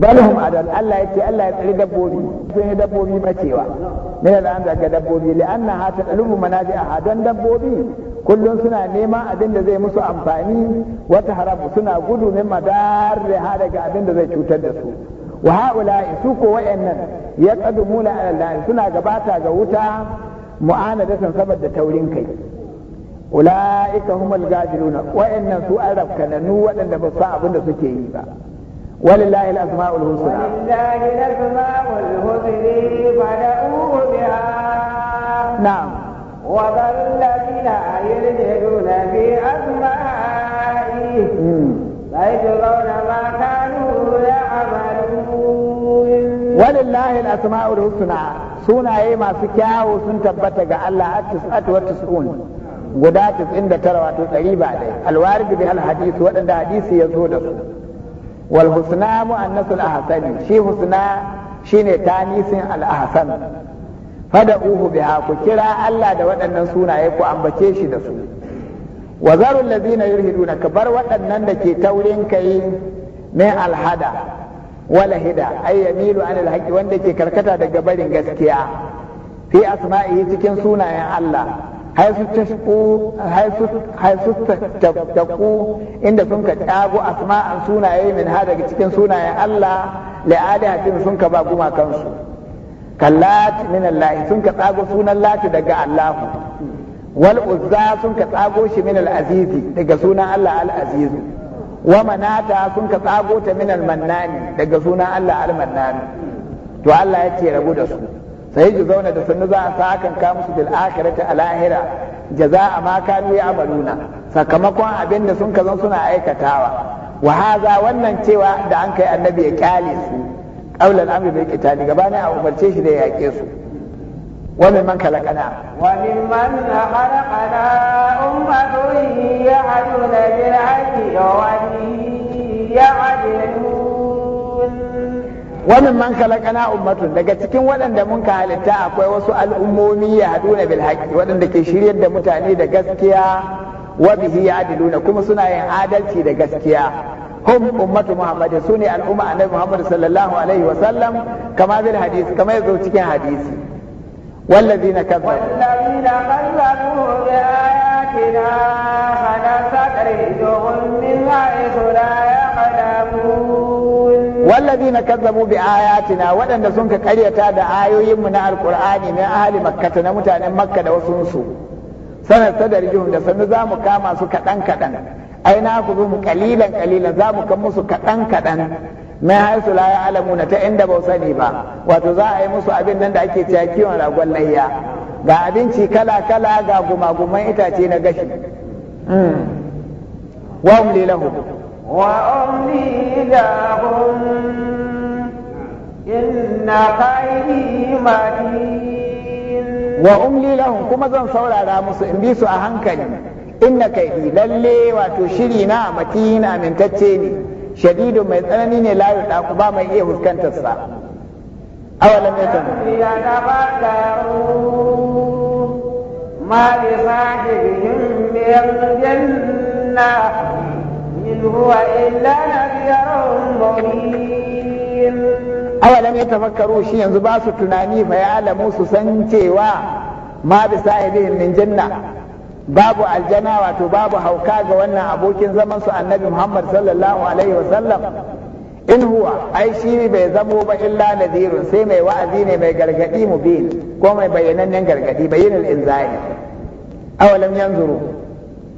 balhum adad Allah yace Allah ya tsari dabbobi sun yi dabbobi bacewa min an daga dabbobi li'anna ha a manaji'aha don dabbobi kullum suna nema abin da zai musu amfani wata harabu suna gudu min madarriha daga abin da zai cutar da su wa haula su ko wayannan ya qadumuna ala suna gabata ga wuta mu'anadatan saboda taurin kai ula'ika humul gajiruna wayannan su arab kananu waɗanda ba su abin da suke yi ba ولله الأسماء الحسنى ولله الأسماء الحسنى فدعوه بها نعم وذل الذين يلجئون في أسمائه سيجزون ما كانوا يعملون ولله الأسماء الحسنى sunaye masu kyawu sun tabbata ga Allah a tis'atu wa tis'un guda 99 wato 100 ba dai alwarid bi al hadith wadanda hadisi ya zo da su wal husna mu'annasul ahsani shi husna shine tanisin al ahsan fada'uhu biha ku kira Allah da waɗannan sunaye ku ambace shi da su wa na allazina yulhiduna ka bar waɗannan da ke taurin kai min alhada wala hida ay yamilu an alhaqi wanda ke karkata daga barin gaskiya fi asma'ihi cikin sunayen Allah haisu taku inda sun ka tsago asma'an sunaye min ha daga cikin sunayen Allah li alihatin sun ka ba guma kansu kallat min Allah sun ka tsago sunan lati daga Allah waluzza sun ka tsago shi min azizi daga sunan Allah al azizu wa manata sun ka tsago ta min daga sunan Allah to Allah ya ce rabu da su sai ji zauna da sannu za a sa kan ka musu bil akhirati a lahira jaza'a ma kanu ya'maluna sakamakon abin da sun kazan suna aikatawa wa haza wannan cewa da an kai annabi ya kyale su al amri bil qitali gabanin a umarce shi da ya yake su ومن من خلقنا وممن خلقنا أمة يعدل بالعدل وبه يعدلون wamin man kana ummatu, daga cikin waɗanda mun ka halitta akwai wasu al'ummomi ya haduna bil waɗanda ke shiryar da mutane da gaskiya wa bihi ya'diluna kuma suna yin adalci da gaskiya hum ummatu muhammadin sune al'umma annabi muhammad sallallahu alaihi kama bil hadisi cikin hadisi والذين كذبوا والذين كذبوا بآياتنا من حيث لا wallazina kazzabu bi ayatina waɗanda sun ka karyata da ayoyinmu na alqur'ani min ahli makkata na mutanen makka da wasu su sanar sadarjihum da sanu za mu kama su kaɗan kaɗan ai na ku mu kalilan kalilan za mu kan musu kaɗan kaɗan mai haisu la ya alamuna ta inda ba sani ba wato za a yi musu abin nan da ake cewa kiwon ragon layya ga abinci kala kala ga gumaguman itace na gashi wa hum lilahu وأملي لهم إن كيدي متين وأملي لهم كما زن صورة على مسلم أهنكني إن كيدي للي وتشرينا متين تتيني شديد من يتأنني لا يتعقبا ما إيه كانت الساعة أولم يتنوا ما لصاحبهم من جنة هو إلا نذير مبين أولم يتفكروا شيئا زباسوا تناني فيعلموا سسنتي ما بسائلهم من جنة babu aljana wato babu hauka ga wannan abokin zaman su annabi Muhammad sallallahu alaihi wasallam in ai shi bai zamo ba illa nadirun sai mai wa'azi ne mai gargadi mubin ko mai bayyanannen gargadi bayyinul inzai awalam yanzuru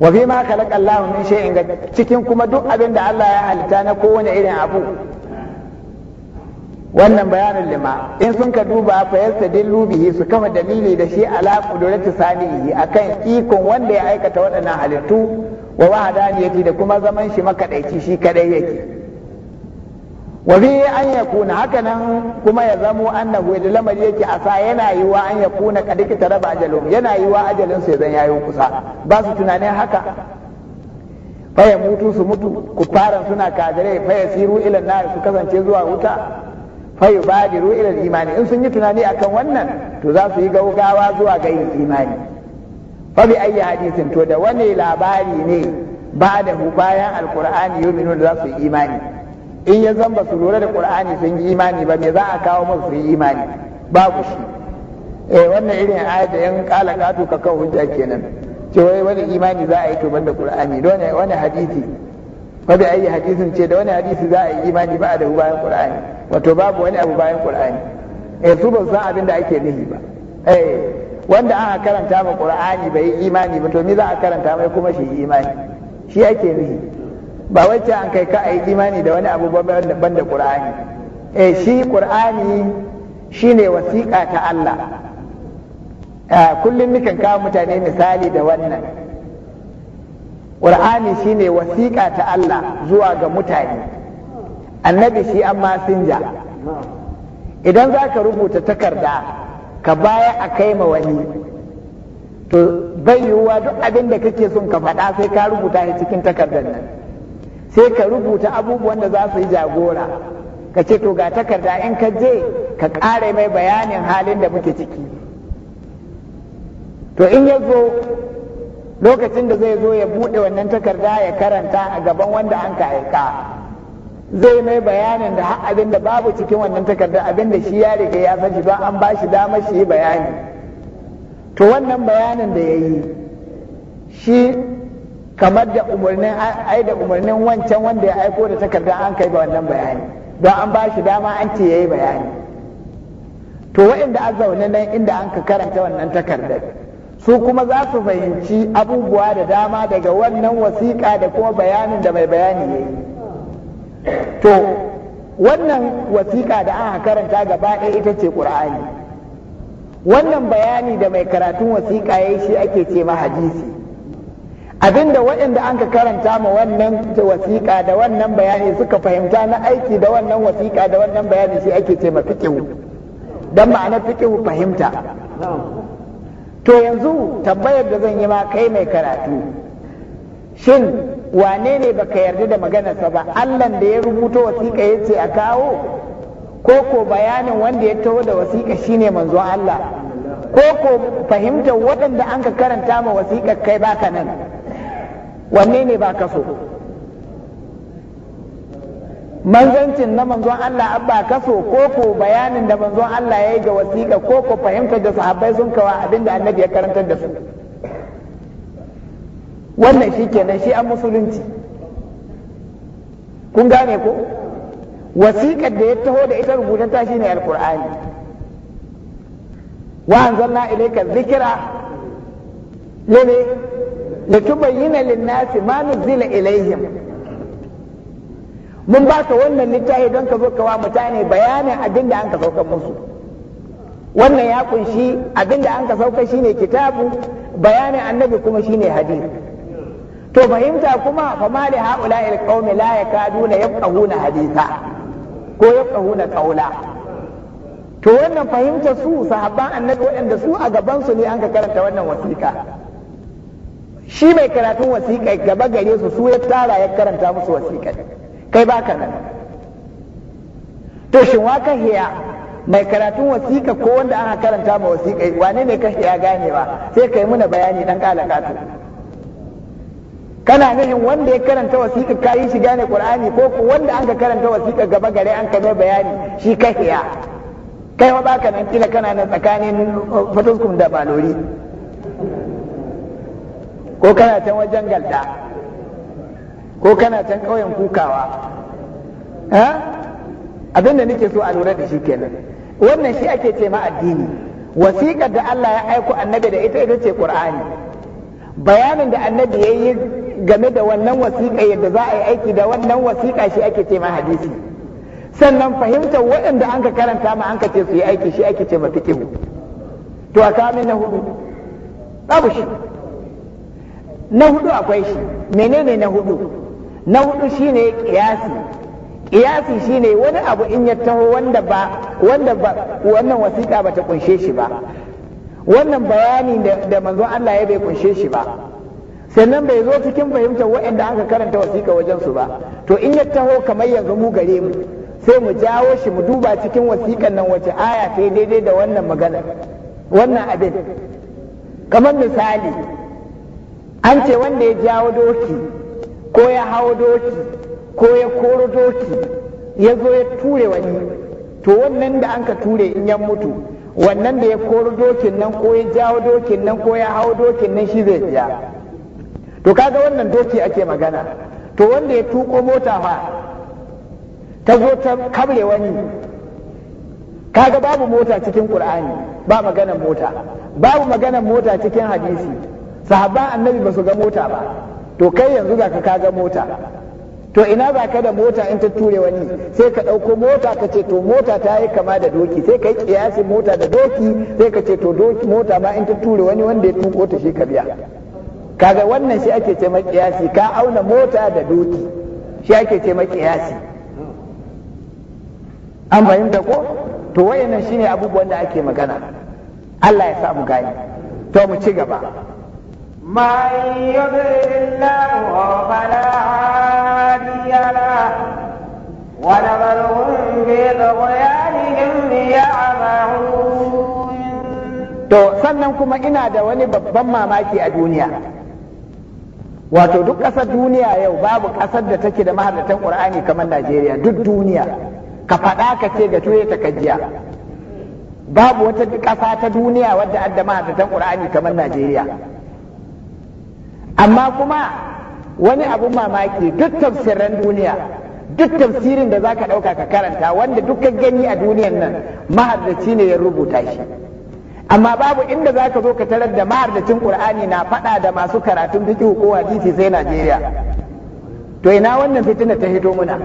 wa fi ma khalaqa Allah min shay'in cikin kuma duk abin da Allah ya halitta na kowane irin abu wannan bayanin lima in sun ka duba fa dillu bihi su kama dalili da shi ala qudrati sanihi akan ikon wanda ya aikata waɗannan halittu wa wahdaniyati da kuma zaman shi makadaici shi kadai yake wa bi an yakuna hakanan kuma ya zamo annahu da lamari yake asa yana yiwa an yakuna kadikita raba ajalum yana yiwa ajalin su zan yayo kusa ba su tunanin haka faya mutu su mutu kufaran suna kafirai faya siru ilan na su kasance zuwa wuta faya badiru ilal imani in sun yi tunani akan wannan to za su yi gaugawa zuwa ga imani fa bi ayi hadisin to da wani labari ne ba da bayan alqur'ani yuminu da za su yi imani in ya zamba su lura da qur'ani sun yi imani ba me za a kawo musu su yi imani babu shi eh wannan irin ayat da yan kala katu ka kawo hujja kenan ce wai wani imani za a yi to banda qur'ani don wani hadisi ko bi ayi hadisin ce da wani hadisi za a yi imani ba da bayan qur'ani wato babu wani abu bayan qur'ani eh su ba san abin da ake nihi ba eh wanda aka karanta ma qur'ani bai yi imani ba to me za a karanta mai kuma shi imani shi ake nihi ba wacce an kai ka a imani da wani abu ban da ƙur'ani eh shi ƙur'ani shi ne wasiƙa ta Allah ah, kullum nukan kawo mutane misali da wannan ƙur'ani shi ne wasiƙa ta Allah zuwa ga mutane annabi shi an masinja idan za ka rubuta takarda ka baya a kai ma wani to bai yiwuwa duk abin da kake son ka faɗa sai ka rubuta shi cikin takardar nan sai ka rubuta abubuwan da za su yi jagora ka ce to ga takarda in ka je ka ƙare mai bayanin halin da muke ciki to in ya zo lokacin da zai zo ya buɗe wannan takarda ya karanta a gaban wanda an ka aika zai mai bayanin da har abin da babu cikin wannan takarda abin da shi ya riga ya san shi don an ba shi damar shi bayani to wannan bayanin da ya yi shi kamar da umarnin ai da umarnin wancan wanda ya aiko da takarda an kai ba wannan bayani don an ba shi dama an ce yayi bayani to waɗanda a zaune nan inda an ka karanta wannan takardar su kuma za su fahimci abubuwa da dama daga wannan wasiƙa da kuma bayanin da mai bayani ya yi to wannan wasiƙa da an karanta gaba ɗaya ita ce ƙur'ani wannan bayani da mai karatun wasiƙa ya yi shi ake ce ma hadisi abinda waɗanda an ka karanta ma wannan wasiƙa da wannan bayani suka fahimta na aiki da wannan wasiƙa da wannan bayani shi ake ce ma fiƙihu don ma'ana fiƙihu fahimta to yanzu tambayar da zan yi ma kai mai karatu shin wane ne baka yarda da maganarsa ba allan da ya rubuta wasiƙa ya ce a kawo ko ko bayanin wanda ya taho da wasiƙa shine manzon allah ko ko fahimtar waɗanda an ka karanta ma wasiƙa kai baka nan wanne ne ba kaso, manzancin na manzon Allah an ba kaso ko ko bayanin da manzon Allah ya yi ga wasiƙa ko ko fahimtar da sahabbai sun kawa abin da annabi ya karantar da su wannan shi kenan shi an musulunci kun gane ko wasiƙar da ya taho da ita rubutun ta shine alkur'ani wa anzalna ilayka dhikra lene litubayyana lin-nasi ma nuzila ilaihim mun baka wannan littafi don ka zo ka wa mutane bayanin abin an ka saukar musu wannan ya kunshi abin da an ka saukar shine kitabu bayanin annabi kuma shine hadisi to fahimta kuma fa ma haula il qaumi la yakaduna yafqahuna haditha ko yafqahuna qawla to wannan fahimta su sahabban annabi waɗanda su a gaban su ne an ka karanta wannan wasiƙa shi mai karatun wasiƙa gaba gare su su ya tara ya karanta musu wasiƙa kai ba ka nan to shin wa ka hiya mai karatun wasiƙa ko wanda aka karanta ma wasiƙa wane ne ka hiya gane ba sai kai muna bayani dan kala kato kana ganin wanda ya karanta wasiƙa kayi shi gane qur'ani ko ko wanda an ka karanta wasiƙa gaba gare an ka mai bayani shi ka hiya kai wa ka nan kila kana nan tsakanin uh, fatuskum da balori ko kana can wajen galda ko kana can ƙauyen kukawa abin da nake so a lura da shi kenan wannan shi ake ce ma addini wasiƙar da Allah ya aiko annabi da ita ita ce Qur'ani bayanin da annabi ya yi game da wannan wasiƙa yadda za a yi aiki da wannan wasiƙa shi ake ce ma hadisi sannan fahimtar waɗanda an ka karanta ma an ka ce su yi aiki shi ake ce ma to a kamin na hudu babu shi na hudu akwai shi menene na hudu na hudu shine kiyasi kiyasi shine wani abu in ya taho wanda ba wanda ba wannan wasiƙa bata kunshe shi ba wannan bayani da, manzo Allah ya bai kunshe shi ba sannan bai zo cikin fahimtar waɗanda aka karanta wasiƙa wajen su ba to in ya taho kamar yanzu mu gare mu sai mu jawo shi mu duba cikin wasiƙan nan wace aya ta daidai da wannan magana wannan abin kamar misali an ce wanda ya jawo doki ko ya hawo doki ko ya koro doki ya zo ya ture wani to wannan da an ka ture in ya mutu wannan da ya koro dokin nan ko ya jawo dokin nan ko ya hawo dokin nan shi zai biya to kaga wannan doki ake magana to wanda ya tuko mota fa ta zo ta kabre wani kaga babu mota cikin qur'ani ba maganan mota babu maganan mota cikin hadisi sahaba annabi ba su ga mota ba to kai yanzu ga ka ga mota to ina ba ka da mota in ta ture wani sai ka ɗauko mota ka ce to mota ta yi kama da doki sai ka yi kiyasi mota da doki sai ka ce to doki mota ma in ta ture wani wanda ya tuko ta shi ka biya kaga wannan shi ake ce makiyasi ka auna mota da doki shi ake ce makiyasi an fahimta ko to wayannan shine abubuwan da ake magana Allah ya sa mu gani to mu ci gaba من يضلل الله فلا هادي له يعمهون to sannan kuma ina da wani babban mamaki a duniya wato duk ƙasar duniya yau babu ƙasar da take da mahalartan ƙur'ani kamar najeriya duk duniya ka faɗa ka ce ga tuye ta kajiya babu wata ƙasa ta duniya wadda adda mahalartan ƙur'ani kamar najeriya amma kuma wani abun mamaki duk tafsirin duniya duk tafsirin da zaka ɗauka ka karanta wanda dukkan gani a duniyan nan mahaddaci ne ya rubuta shi amma babu inda zaka zo ka tarar da mahaddacin qur'ani na faɗa da masu karatun fiqh ko hadisi sai Najeriya to ina wannan fitina ta hito muna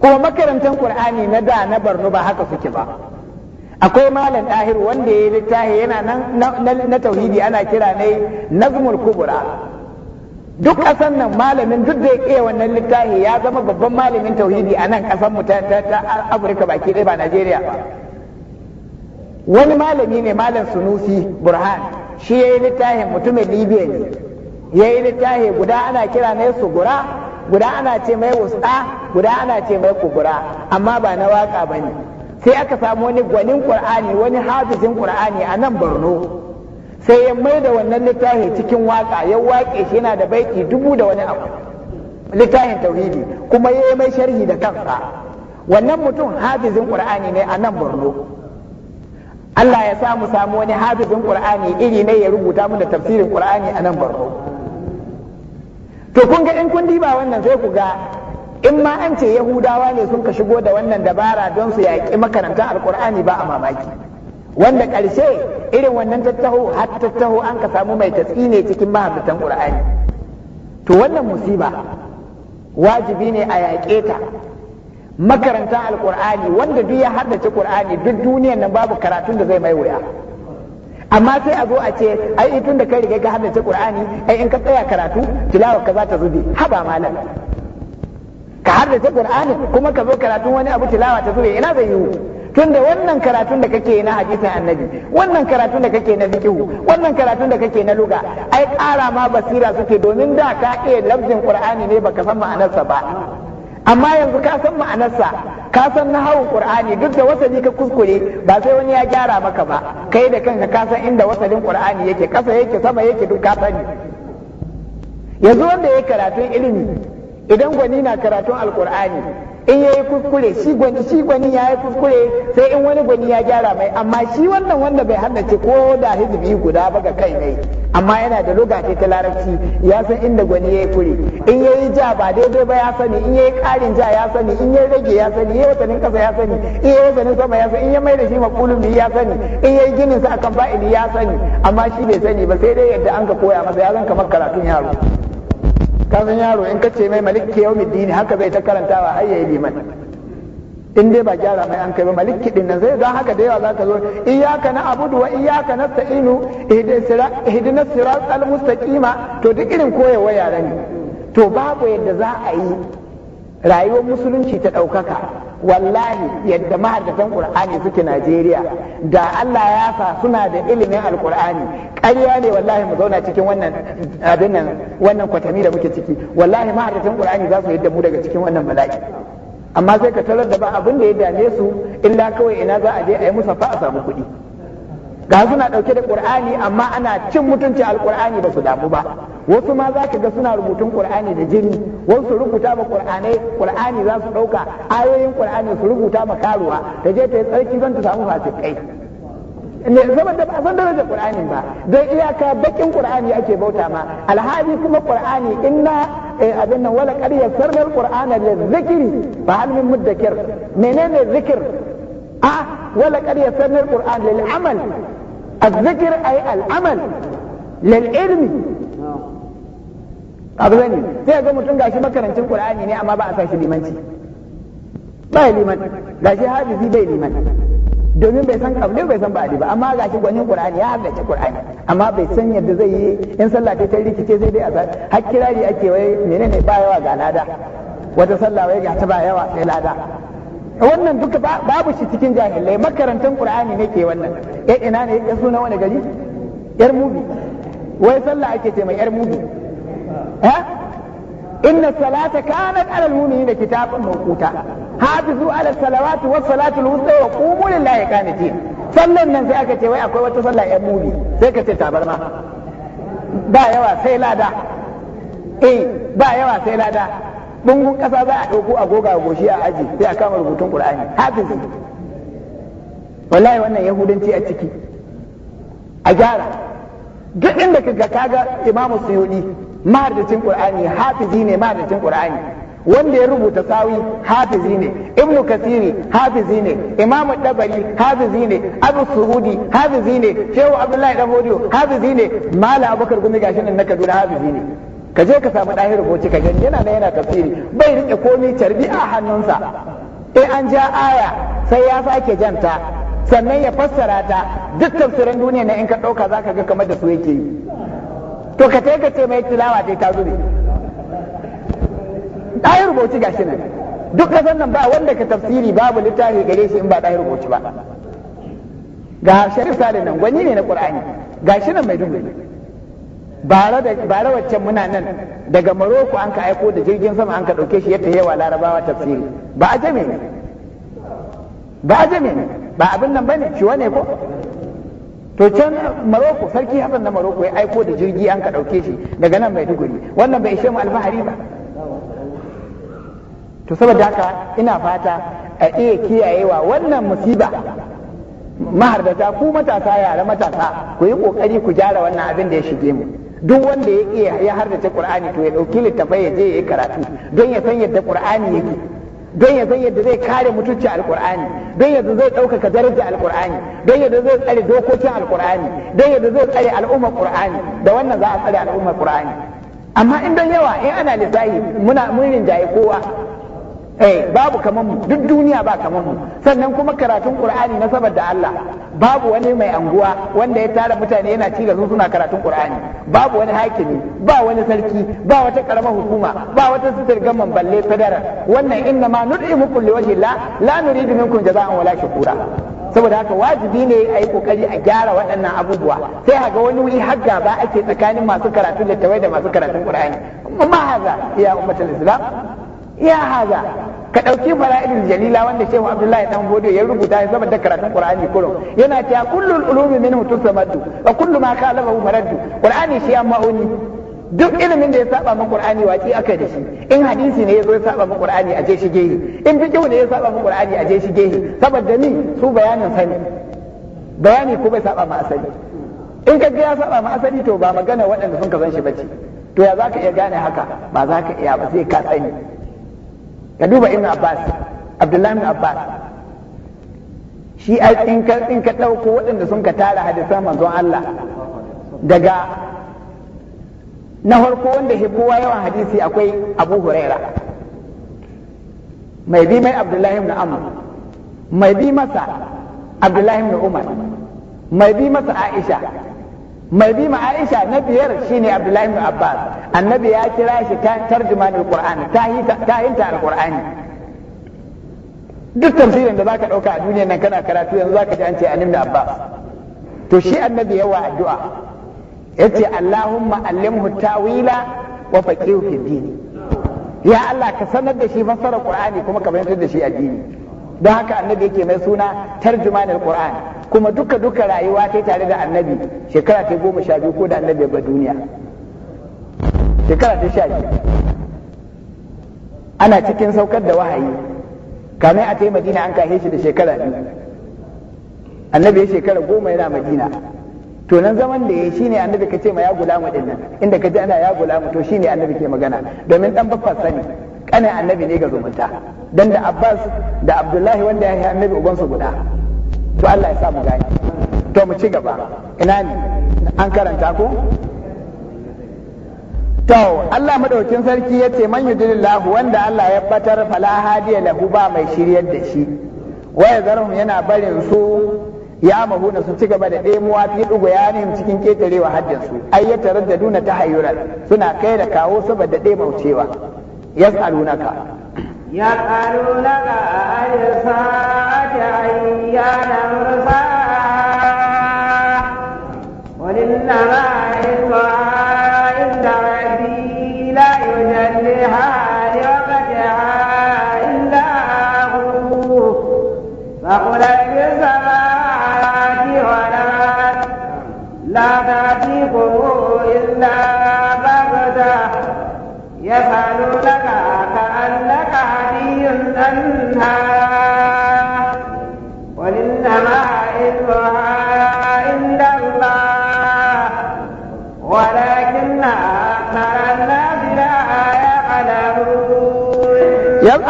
kuma makarantar qur'ani na da na Borno ba haka suke ba akwai malam ɗahir wanda ya yi littafi yana nan na tauhidi ana kira ne nazmul kubura duk ƙasan nan malamin duk da ya wannan littafi ya zama babban malamin tauhidi a nan ƙasan mu ta afirka baki ɗaya ba najeriya ba wani malami ne malam sunusi burhan shi ya yi littafin mutumin libya ne ya yi littafi guda ana kira ne sugura guda ana ce mai wusta guda ana ce mai kubura amma ba na waka ba ne sai aka samu wani gwanin ƙur'ani wani hafizin ƙur'ani a nan borno sai ya mai da wannan littafi cikin waka ya waƙe shi yana da baiƙi dubu da wani abu littafin tauhidi kuma ya yi mai sharhi da kansa wannan mutum hafizin ƙur'ani ne a nan borno Allah ya samu mu samu wani hafizin ƙur'ani iri ne ya rubuta mu da tafsirin ƙur'ani a nan borno to kun ga in kun diba wannan sai ku ga in ma an ce yahudawa ne sun ka shigo da wannan dabara don su yaƙi makarantar alkur'ani ba a mamaki wanda ƙarshe irin wannan tattaho har tattaho an ka samu mai tatsi ne cikin mahabbatan ƙur'ani to wannan musiba wajibi ne a yaƙe ta makarantar alkur'ani wanda duk ya haddace ƙur'ani duk duniyan nan babu karatun da zai mai wuya amma sai a zo a ce ai tun da kai riga ka haddace ƙur'ani ai in ka tsaya karatu tilawa ka za ta zube haba malam ka haddace qur'ani kuma ka zo karatun wani abu tilawa ta zure ina zai yiwu tunda wannan karatun da kake na hadisin annabi wannan karatun da kake na zikihu, wannan karatun da kake na luga ai ƙara ma basira suke domin da ka iya lafzin qur'ani ne baka san ma'anarsa ba amma yanzu ka san ma'anarsa ka san nahawun qur'ani duk da wasali ka kuskure ba sai wani ya gyara maka ba kai da kanka ka san inda wasalin qur'ani yake kasa yake sama yake duk ka sani yanzu wanda ya karatun ilimi idan gwani na karatun alkur'ani in ya yi kuskure shi gwani shi gwani yayi kuskure sai in wani gwani ya gyara mai amma shi wannan wanda bai haddace ko da hizbi guda ba ga kai ne amma yana da lokaci ta larabci ya san inda gwani yi kure in ya yi ja ba daidai ba ya sani in ya yi karin ja ya sani in ya rage ya sani in yayi watannin kasa ya sani in yayi watannin sama ya sani in ya mai da shi makulun biyu ya sani in ya yi ginin sa akan fa'ili ya sani amma shi bai sani ba sai dai yadda an ka koya masa ya zan kamar karatun yaro kasan yaro in ka ce mai maliki yau dini haka zai ta karantawa har yayi liman in dai ba gyara mai an kai ba maliki din nan zai don haka da yawa zaka zo iyyaka na abudu wa iyyaka nasta'inu ihdina siratal mustaqima to duk irin koyewa yaran ne to babu yadda za a yi rayuwar musulunci ta ɗaukaka wallahi yadda mahaddatan ƙur'ani suke Najeriya da Allah ya sa suna da ilimin alqur'ani ƙarya ne wallahi mu zauna cikin wannan abin wannan kwatami da muke ciki wallahi mahaddatan ƙurani za su yadda mu daga cikin wannan mala'i amma sai ka tarar da ba abin da ya dame su illa kawai ina za a je a yi fa a samu kuɗi ga suna ɗauke da ƙur'ani amma ana cin mutunci alƙur'ani ba su damu ba wasu ma za ka ga suna rubutun ƙur'ani da jini wasu rubuta ma ƙur'ani za su ɗauka ayoyin ƙur'ani su rubuta ma karuwa ta je ta yi tsarki don ta samu fasikai ne saboda ba san daraja ƙur'ani ba don iyaka bakin ƙur'ani ake bauta ma alhali kuma ƙur'ani inna eh, abin nan wala qad yassarna alqur'ana lizikri fa hal min muddakir menene zikir a ah, wala qad yassarna alqur'ana lil amal الذكر أي العمل للعلم abu zane sai ga mutum gashi makarancin qur'ani ne amma ba a sashi limanci ba liman gashi hafizi bai liman domin bai san kabli bai san ba'adi ba amma gashi gwanin qur'ani ya haddace qur'ani amma bai san yadda zai yi in sallah ta kai rikice sai dai azar har kirari ake wai menene ba yawa ga lada wata sallah wai ga ta ba yawa sai lada wannan duka babu shi cikin jahilai makarantar qur'ani ne ke wannan eh ina ne ya suna wani gari yar mubi wai sallah ake ce mai yar mubi ha inna salata kanat alal mu'minina kitaban mawquta hafizu ala salawati was salatu al-wusta wa qumu lillahi qanitin sallan nan sai aka ce wai akwai wata sallah yar mubi sai ka ce tabarma ba yawa sai lada eh ba yawa sai lada Dungun kasa za a ɗauko goga a goshi a aji sai a kama rubutun qur'ani hafizi wallahi wannan yahudanci a ciki a gyara duk inda kaga kaga imamu suyudi mahaddacin ƙur'ani hafizi ne mahaddacin qur'ani wanda ya rubuta sawi hafizi ne ibnu kasiri hafizi ne imamu dabari hafizi ne abu suhudi hafizi ne shehu abdullahi dan hafizi ne mala abubakar gumi gashi nan na kaduna hafizi ne ka je ka samu ɗahir boci ka gani yana na yana tafsiri bai rike komai carbi a hannunsa in an ja aya sai ya sake janta sannan ya fassara ta duk tafsirin duniya na in ka ɗauka za ka ga kamar da su yake yi to ka ka ce mai tilawa dai ta zube ɗahir boci gashi nan duk kasan nan ba wanda ka tafsiri babu littafi gare shi in ba ɗahir boci ba ga sharif salin nan gwani ne na ƙur'ani gashi nan mai dubu bare waccan muna nan daga maroko an ka aiko da jirgin sama an ka ɗauke shi ya yawa larabawa tafsiri ba a jami ne ba a jami ba abin nan bane shi wane ko to can maroko sarki hasan na maroko ya aiko da jirgi an ka ɗauke shi daga nan maiduguri wannan bai ishe mu alfahari ba to saboda haka ina fata a iya kiyayewa wannan musiba mahardata ku matasa yara matasa ku yi kokari ku gyara wannan abin da ya shige mu duk wanda ya iya ya hardace qur'ani to ya dauki littafai ya je ya karatu don ya san yadda qur'ani yake don ya san yadda zai kare mutunci alqur'ani don yadda zai ɗaukaka daraja alqur'ani don yadda zai tsare dokokin alqur'ani don yadda zai tsare al'ummar qur'ani da wannan za a tsare al'ummar qur'ani amma in don yawa in ana lissahi muna mun rinjaye kowa eh babu kaman mu duk duniya ba kamar mu sannan kuma karatun qur'ani na saboda Allah babu wani mai anguwa wanda ya tara mutane yana ci su suna karatun qur'ani babu wani hakimi ba wani sarki ba wata karamar hukuma ba wata sitar gaman balle federal wannan inna ma nud'imukum liwajhi la la nuridu minkum jaza'an wala shukura saboda haka wajibi ne a yi kokari a gyara waɗannan abubuwa sai haga wani wuri har gaba ake tsakanin masu karatun littawai da masu karatun qur'ani amma haza ya ummatul islam iya haza ka ɗauki fara'idul jalila wanda shehu abdullahi dan bodo ya rubuta ya saboda karatun qur'ani kullum yana cewa kullul ulumi minhu tusamadu wa kullu ma khalafahu maraddu qur'ani shi amma uni duk ilimin da ya saba min qur'ani waki aka da shi in hadisi ne yazo ya saba min qur'ani a shi gehi in fiqh ne ya saba min qur'ani a shi gehi saboda ni su bayanin sani bayani ko bai saba ma asali in ka ga ya saba ma asali to ba magana waɗanda sun ka san shi bace to ya zaka iya gane haka ba zaka iya ba sai ka sani ka duba ibn abbas abdullahi ibn abbas shi ai in ka in ka dauko waɗanda sun ka tara hadisan manzon Allah daga na farko wanda shi kowa yawan hadisi akwai abu huraira mai bi mai abdullahi ibn amr mai bi masa abdullahi ibn umar mai bi masa aisha mai bi ma Aisha na biyar shine Abdullahi ibn Abbas annabi ya kira shi ta tarjumanul Qur'ani ta hinta al-Qur'ani duk tafsirin da zaka dauka a duniyar nan kana karatu yanzu zaka ji an ce annabi Abbas to shi annabi yawa addu'a yace Allahumma allimhu tawila wa faqihu fi dini ya Allah ka sanar da shi fassara Qur'ani kuma ka bayyana da shi addini don haka annabi yake mai suna tarjumanul Qur'ani kuma duka duka rayuwa ta tare da annabi shekara ta goma sha biyu ko da annabi ba duniya shekara ta sha biyu ana cikin saukar da wahayi kamar a tai madina an kahe shi da shekara biyu annabi ya shekara goma yana madina to nan zaman da ya shi ne annabi ka ce ma ya gulamu din nan inda ka ji ana ya gulamu to shi ne annabi ke magana domin dan baffar sani kanin annabi ne ga zumunta dan da abbas da abdullahi wanda ya yi annabi ubansu guda to Allah ya sa mu gani to mu ci gaba ina ne an karanta ko to Allah madaukin sarki ya ce man yudillahu wanda Allah ya batar fala hadiya lahu ba mai shiryar da shi waya zarhum yana barin su ya na su ci gaba da ɗemuwa fi ya nemi cikin ƙetarewa haddin su ai ya tarar da duna ta hayyuran suna kai da kawo saboda ɗemaucewa yas'alunaka يسألونك عن الساعة أيان مرساها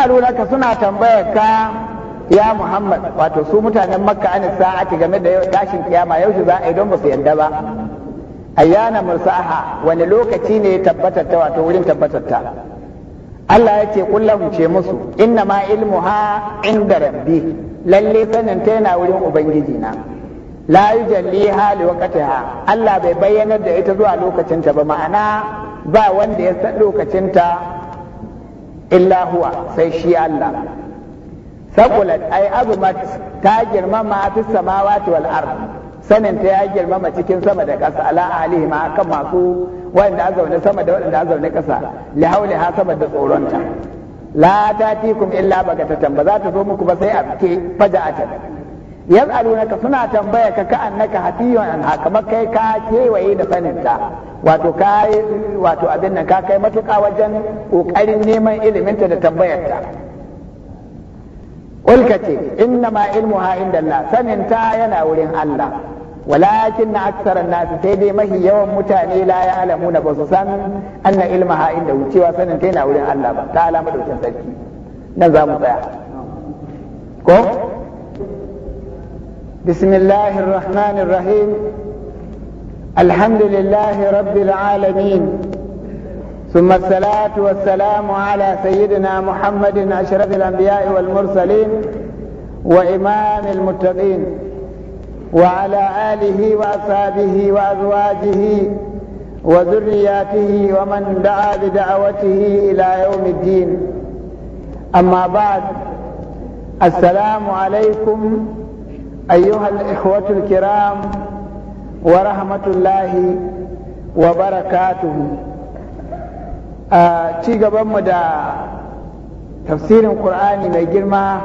laka suna tambayar ka ya Muhammad wato su mutanen Makka an sa'ati game da tashin kiyama yaushe za a yi don ba su yadda ba ayyana mursaha wani lokaci ne tabbatar ta wato wurin tabbatar ta Allah ya ce kullum ce musu inna ma ilmuha inda rabbi lalle sanin ta yana wurin ubangiji na la hali waqtaha Allah bai bayyanar da ita zuwa lokacin ta ba ma'ana ba wanda ya san lokacin ta illa huwa sai shi Allah saqulat ai azuma ta girmama fi samawati wal ard sanin ta ya girmama cikin sama da ƙasa ala alihi ma akan masu wanda a zaune sama da wanda a zaune ƙasa li ha sama da tsoronta la tatikum illa bagatatan ba za ta zo muku ba sai a fike faja'atan yas'alunaka suna tambaya ka ka annaka hafiyun an kamar kai ka kewaye da sanin ta wato kai wato abin nan ka kai matuƙa wajen ƙoƙarin neman ilimin ta da tambayar ta ulka ce inna ma ilmuha inda Allah sanin ta yana wurin Allah walakin na aksaran nasu sai dai mahi yawan mutane la ya alamu na ba su san anna ilmaha inda wucewa sanin ta yana wurin Allah ba ta alama daukin sarki nan za mu tsaya ko بسم الله الرحمن الرحيم الحمد لله رب العالمين ثم الصلاة والسلام على سيدنا محمد أشرف الأنبياء والمرسلين وإمام المتقين وعلى آله وأصحابه وأزواجه وذرياته ومن دعا بدعوته إلى يوم الدين أما بعد السلام عليكم أيها الإخوة الكرام ورحمة الله وبركاته أتيجا مدى تفسير القرآن ميجرما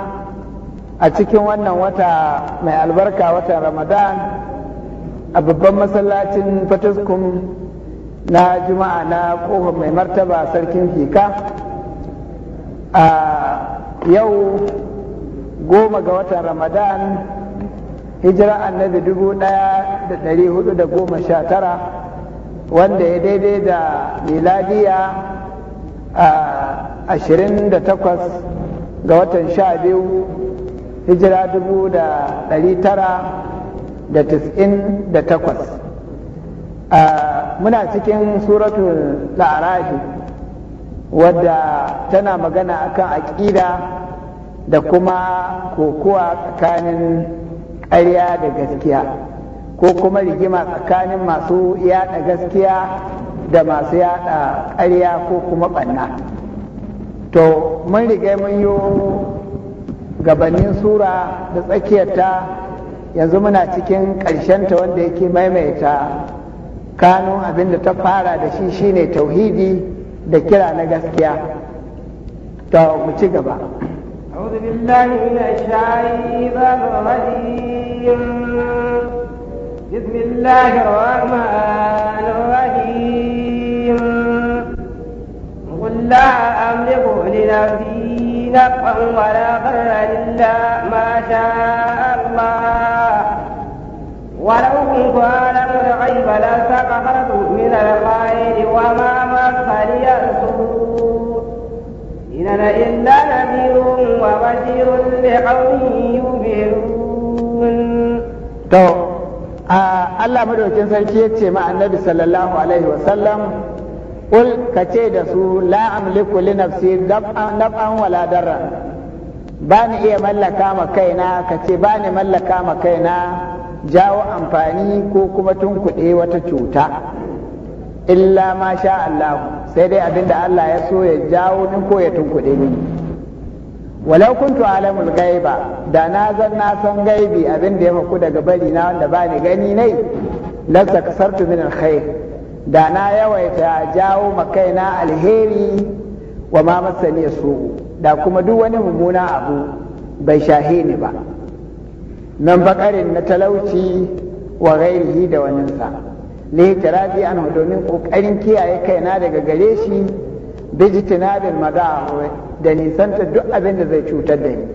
أتيكي وانا وطا مع البركة وطا رمضان أبو أببا مسلات فتسكم نا juma'a نا kofar mai martaba sarkin fika a yau goma رمضان watan ramadan hijira annabi dubu ɗaya da ɗari hudu da goma sha tara wanda ya daidai da miladiya a ashirin da takwas ga watan sha biyu hijira dubu da ɗari tara da tis'in da takwas muna cikin suratun la'arafi wadda tana magana akan aƙida da kuma kokowa tsakanin ƙarya da gaskiya ko kuma rigima tsakanin masu yaɗa gaskiya da masu yaɗa ƙarya ko kuma ɓanna to mun riga mun yi gabanin sura da tsakiyarta yanzu muna cikin ƙarshen ta wanda yake maimaita kanun abin da ta fara da shi shine tauhidi da kira na gaskiya to mu ci gaba أعوذ بالله من الشيطان الرجيم بسم الله الرحمن الرحيم قل لا أملك لنفسي نفعا ولا ضرا إلا ما شاء الله ولو كنت أعلم الغيب لسقطت من الخير وما مسني لئن لنذير وبشير لقوم يؤمنون Allah madaukin sarki ya ce ma annabi sallallahu alaihi wasallam ul ka ce da su la amliku li nafsi naf'an wala iya mallaka ma kaina ka ce mallaka ma kaina jawo amfani ko kuma kuɗe wata cuta illa ma sha Allah sai dai abin da Allah ya so ya jawo min ko ya tunkuɗe mini walau kuntu alamul gaiba da na zan na san gaibi abin da ya faku daga bari na wanda ba ni gani nai lasta kasartu min alkhair da na yawaita jawo makaina alheri wa ma masani su da kuma duk wani mummuna abu bai shahe ni ba nan bakarin na talauci wa gairihi da waninsa li tarafi anhu domin kokarin kiyaye kaina daga gare shi bijtinabil mada'a da nisanta duk abin da zai cutar da ni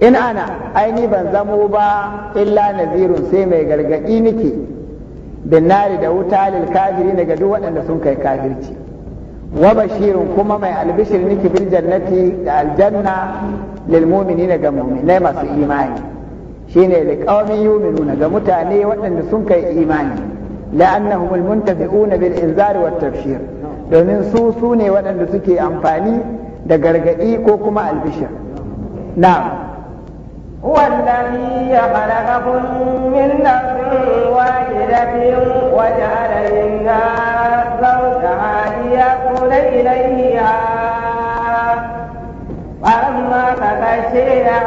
in ana aini ban zamo ba illa nazirun sai mai gargadi nike binnari da wuta lil kafiri daga duk waɗanda sun kai kafirci wa bashirun kuma mai albishir miki bil jannati da aljanna lil mu'minina ga mu'minai masu imani shine liqaumin yu'minuna ga mutane waɗanda sun kai imani لأنهم المنتفعون بالإنذار والتبشير domin su su ne waɗanda suke amfani da gargaɗi ko kuma albishir na والذي خلقكم من نفس واحدة وجعل منها زوجها ليأكل إليها فلما فغشيها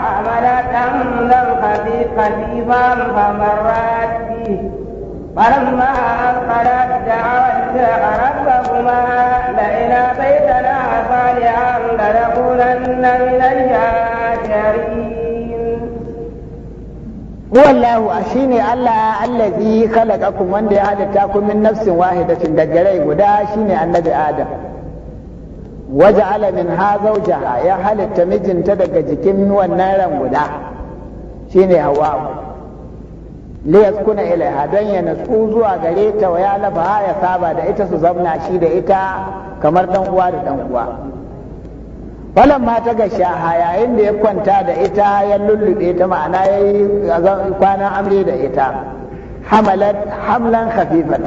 حملة أملا خفيفا فمرت به فلما أنقلت دعوتا ربهما لئن أتيتنا صالحا لنكونن من الشاكرين هو الله أشيني الله الذي خلقكم وان دي هلتاكم من نفس واحدة دجري ودا شيني النبي آدم وجعل منها زوجها يا هلت مجن تدق جكم والنار ودا شيني هواو liyaskuna yaskuna ilaiha don ya natsu zuwa gare ta wa ya lafa ya saba da ita su zamna shi da ita kamar dan uwa da dan uwa falan ma ta gasha yayin da ya kwanta da ita ya lullube ta ma'ana ya yi kwanan amre da ita hamalat hamlan khafifan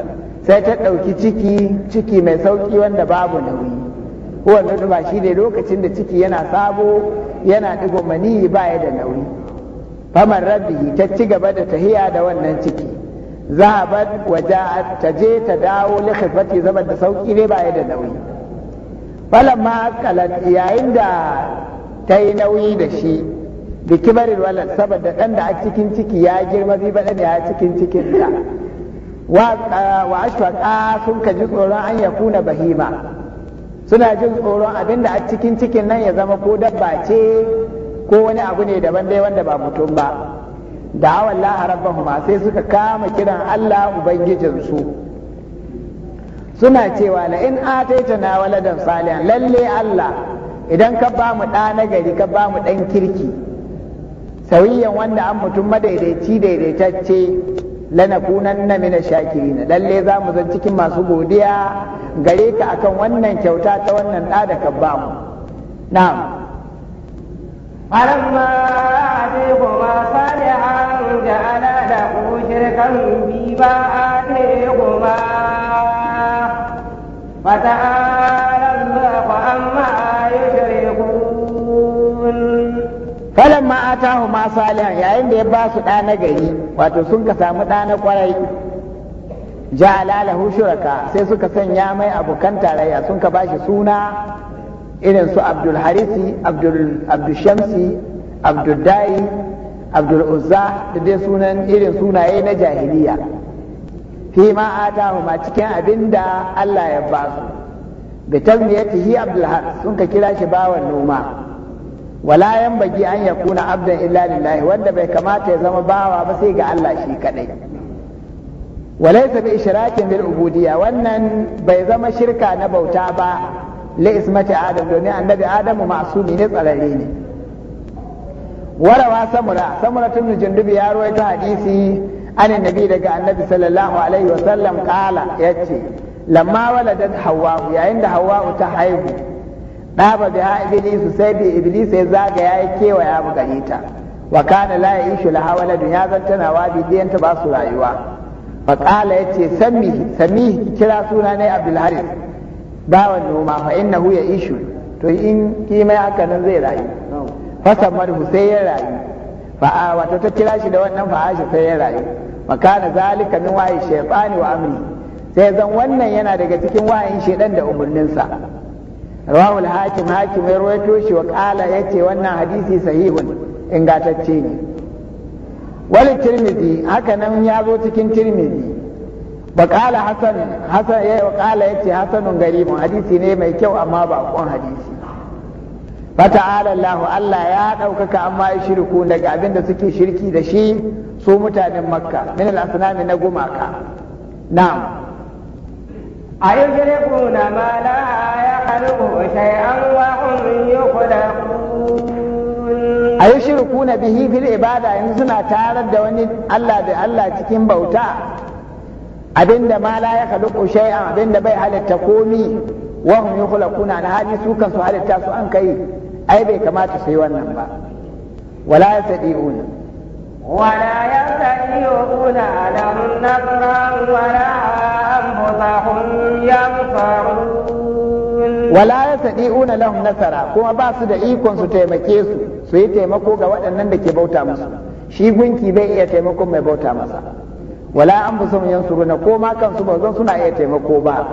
sai ta ɗauki ciki ciki mai sauki wanda babu nauyi wanda ba shi ne lokacin da ciki yana sabo yana ɗigo maniyi baya da nauyi faman rabbi ta ci gaba da tahiya da wannan ciki za a bar waje ta je ta dawo likhifati zaman da sauki ne ya da nauyi ma akalat yayin da ta yi nauyi da shi bi kibarin walad saboda dan da a cikin ciki ya girma bi ba ne a cikin cikin ta ah, wa ashwaqa sun ka ji tsoron an ya kuna bahima suna jin tsoron abinda a cikin cikin nan ya zama ko dabba ce ko wani abu ne daban dai wanda ba mutum ba da wallaha rabbahuma sai suka kama kiran Allah ubangijinsu suna cewa la in na waladan salihan lalle Allah idan ka ba mu ɗa na gari ka ba mu ɗan kirki sauyiyan wanda an mutum madaidaici daidaitacce na mina na lalle za mu zan cikin masu godiya gare ka akan wannan kyauta ta wannan ɗa da ka ba mu na'am فلما آتيهما صالحا جعل له شركا yayin da ya ba su ɗa na gari wato sun ka samu ɗa na ƙwarai, ja'ala lahu shuraka sai suka sanya mai abokan tarayya sun ka bashi suna irin su abdul harisi abdul shamsi abdul dayi abdul uzza da dai sunan irin sunaye na jahiliya fi ma ma cikin abin da Allah ya ba su bi tasmiyatihi abdul har sun ka kira shi bawan noma wala yan bagi an ya kuna abdan illa lillahi wanda bai kamata ya zama bawa ba sai ga Allah shi kadai walaysa bi ishrakin bil ubudiyya wannan bai zama shirka na bauta ba la ismati adam domin annabi adamu masumi ne tsararre ne warawa samura samura tun jindubi ya ta hadisi an annabi daga annabi sallallahu alaihi wa sallam kala yace lamma waladat hawwa yayin da hawwa ta haihu daba da ha iblisu sai bi iblis ya zaga yayi kewa ya buga ta wa kana la yishu laha waladun ya zantana wa bidiyan ta ba su rayuwa fa kala yace sammi sammi kira suna ne abdul haris bawan noma fa innahu ya ishu to in kimai haka nan zai rayu marhu sai ya rayu fa'a wato ta kira shi da wannan fa'a shi sai ya rayu Makana, kana zalika min wahi shaytani wa amri sai zan wannan yana daga cikin wahayin shaydan da umurninsa rawahu al-hakim hakim ya rawaito shi wa qala yace wannan hadisi sahihun ingantacce ne wal tirmidhi haka nan ya zo cikin tirmidhi وقال حسن حسن وقال حسن غريب حديثي ne mai kyau amma ba kon hadisi fata'ala Allah Allah ya ɗaukaka amma ya shirku daga abin da suke shirki da shi su mutanen makka min al-asnami na gumaka na'am أيشركون ما لا يخلق شيئا na bihi أيشركون ibada yanzu suna tarar da wani Allah da Allah cikin bauta. abinda ma la ya khaluqu shay'an abinda bai halitta komi wa hum yukhlaquna na hali su kan su halitta su an kai ai bai kamata su yi wannan ba wala yastadi'una wala yastadi'una lahum nasran wala anfusahum yanfarun wala yastadi'una lahum nasara kuma ba su da ikon su taimake su su yi taimako ga waɗannan da ke bauta musu shi gunki bai iya taimakon mai bauta masa wala an fi sun suruna ko ma kansu ba zan suna iya taimako ba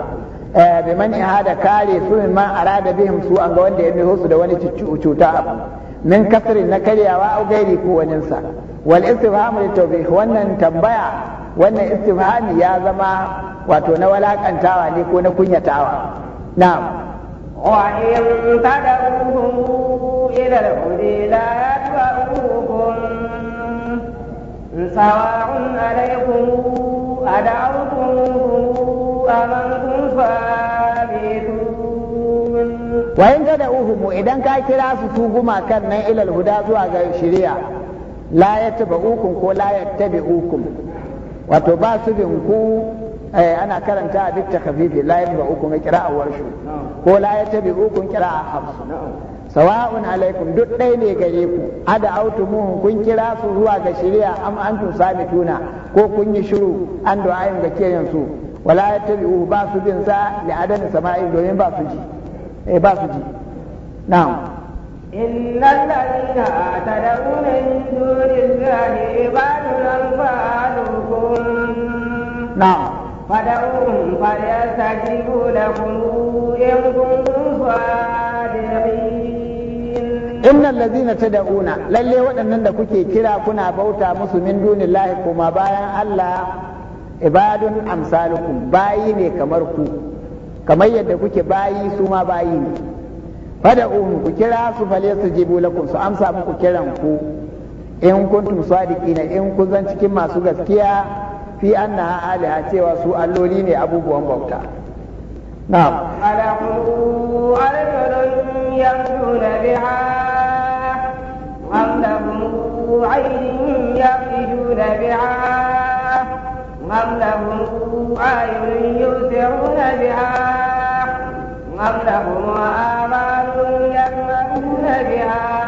eh, bi man ihada kare su min man arada bihim su an ga wanda ya miho su da wani cuta min kasrin na karyawa au gairi ko waninsa wal istifhamu tawbih wannan tambaya wannan istifhami ya zama wato na walakantawa ne ko na kunyatawa na'am wa in tadahu ila al-hudi la yatba'u Sawa da yankun ku idan ka kira su tuhu makar nan ilal guda zuwa ganyayyaki la'a ya taɓa ukun ko la'a ya taɓa ukun. Wato basu bin ku ana karanta abin takardu be la'a ya taɓa ukun ya kira awarsu ko la'a ya taɓa ukun ya kira sawa'un alaikum duk ɗaya ne gare ku ada autumuhum kun kira su zuwa ga shari'a am antum tuna, ko kun yi shiru an du'ayin ga kiyayen su wala ya yattabi'u ba su bin sa li adami sama'i domin ba su ji eh ba su ji na'am إن الذين تدعون من دون الله عباد أنفعلكم نعم فدعوهم فليستجيبوا لكم إن كنتم صادقين innal ta da'una lalle waɗannan da kuke kira kuna bauta musu min dunillahi kuma bayan Allah ibadun amsalukum bayi ne kamar ku kamar yadda kuke bayi su ma bayi ne umu ku kira su fale su jibu lakum su amsa muku kiran ku in kuntum sadiqina in kun zan cikin masu gaskiya fi annaha alaha cewa su alloli ne abubuwan bauta نعم خلقوا أرجل يمشون بها أم لهم عين يبصرون بها أم لهم أعين يبصرون بها أم لهم آبان يسمعون بها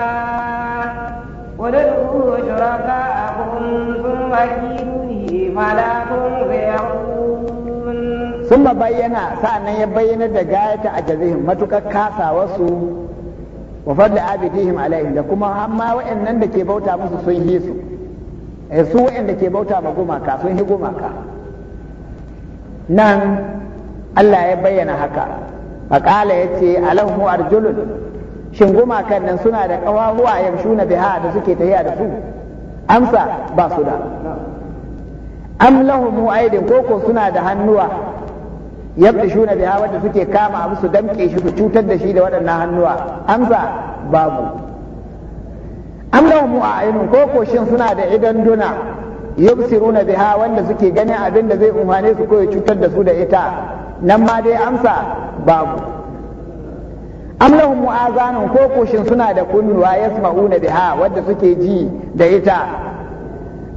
قل ادعوا شركاءكم ثم كيدوني فلا sun ma bayyana sa'annan ya bayyana da gayata a jazihim matukar kasa wasu wa fadla abidihim alaihim da kuma amma wa'annan da ke bauta musu sun yi su su wa'anda ke bauta wa gumaka sun yi gumaka nan Allah ya bayyana haka faƙala ya ce alahu arjulun shin gumakan nan suna da ƙawahuwa yamshuna biha da suke tafiya da su amsa ba su da am lahum koko suna da hannuwa shuna biha wanda suke kama abu su damke shi su cutar da shi da waɗannan hannuwa amsa babu mu a ainihin koko shin suna da idan duna na biha wanda suke ganin abin da zai umfane su koyi cutar da su da ita nan ma dai amsa babu am lahum mu'azanun ko koshin suna da kunnuwa yasma'una biha wanda suke ji da ita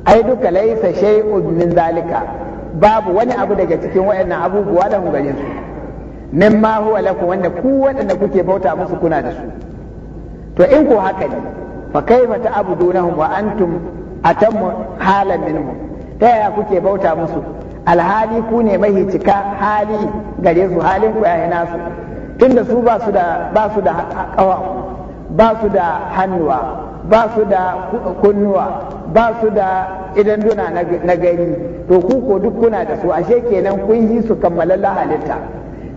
ai duka laysa shay'un min zalika babu wani abu daga cikin waɗannan abubuwa da gare su min ma huwa lakum wanda ku waɗanda kuke bauta musu kuna da su to in ko haka ne fa kaifa ta'budunahum wa antum atammu halan minhum ta yaya kuke bauta musu alhali ku ne mai cika hali gare su halin ku yayi nasu tunda su ba su da ba su da kawa ba su da hannuwa ba su da kunnuwa ba su da idan duna na gani to ku ko duk kuna da su ashe kenan kun yi su kammalalla halitta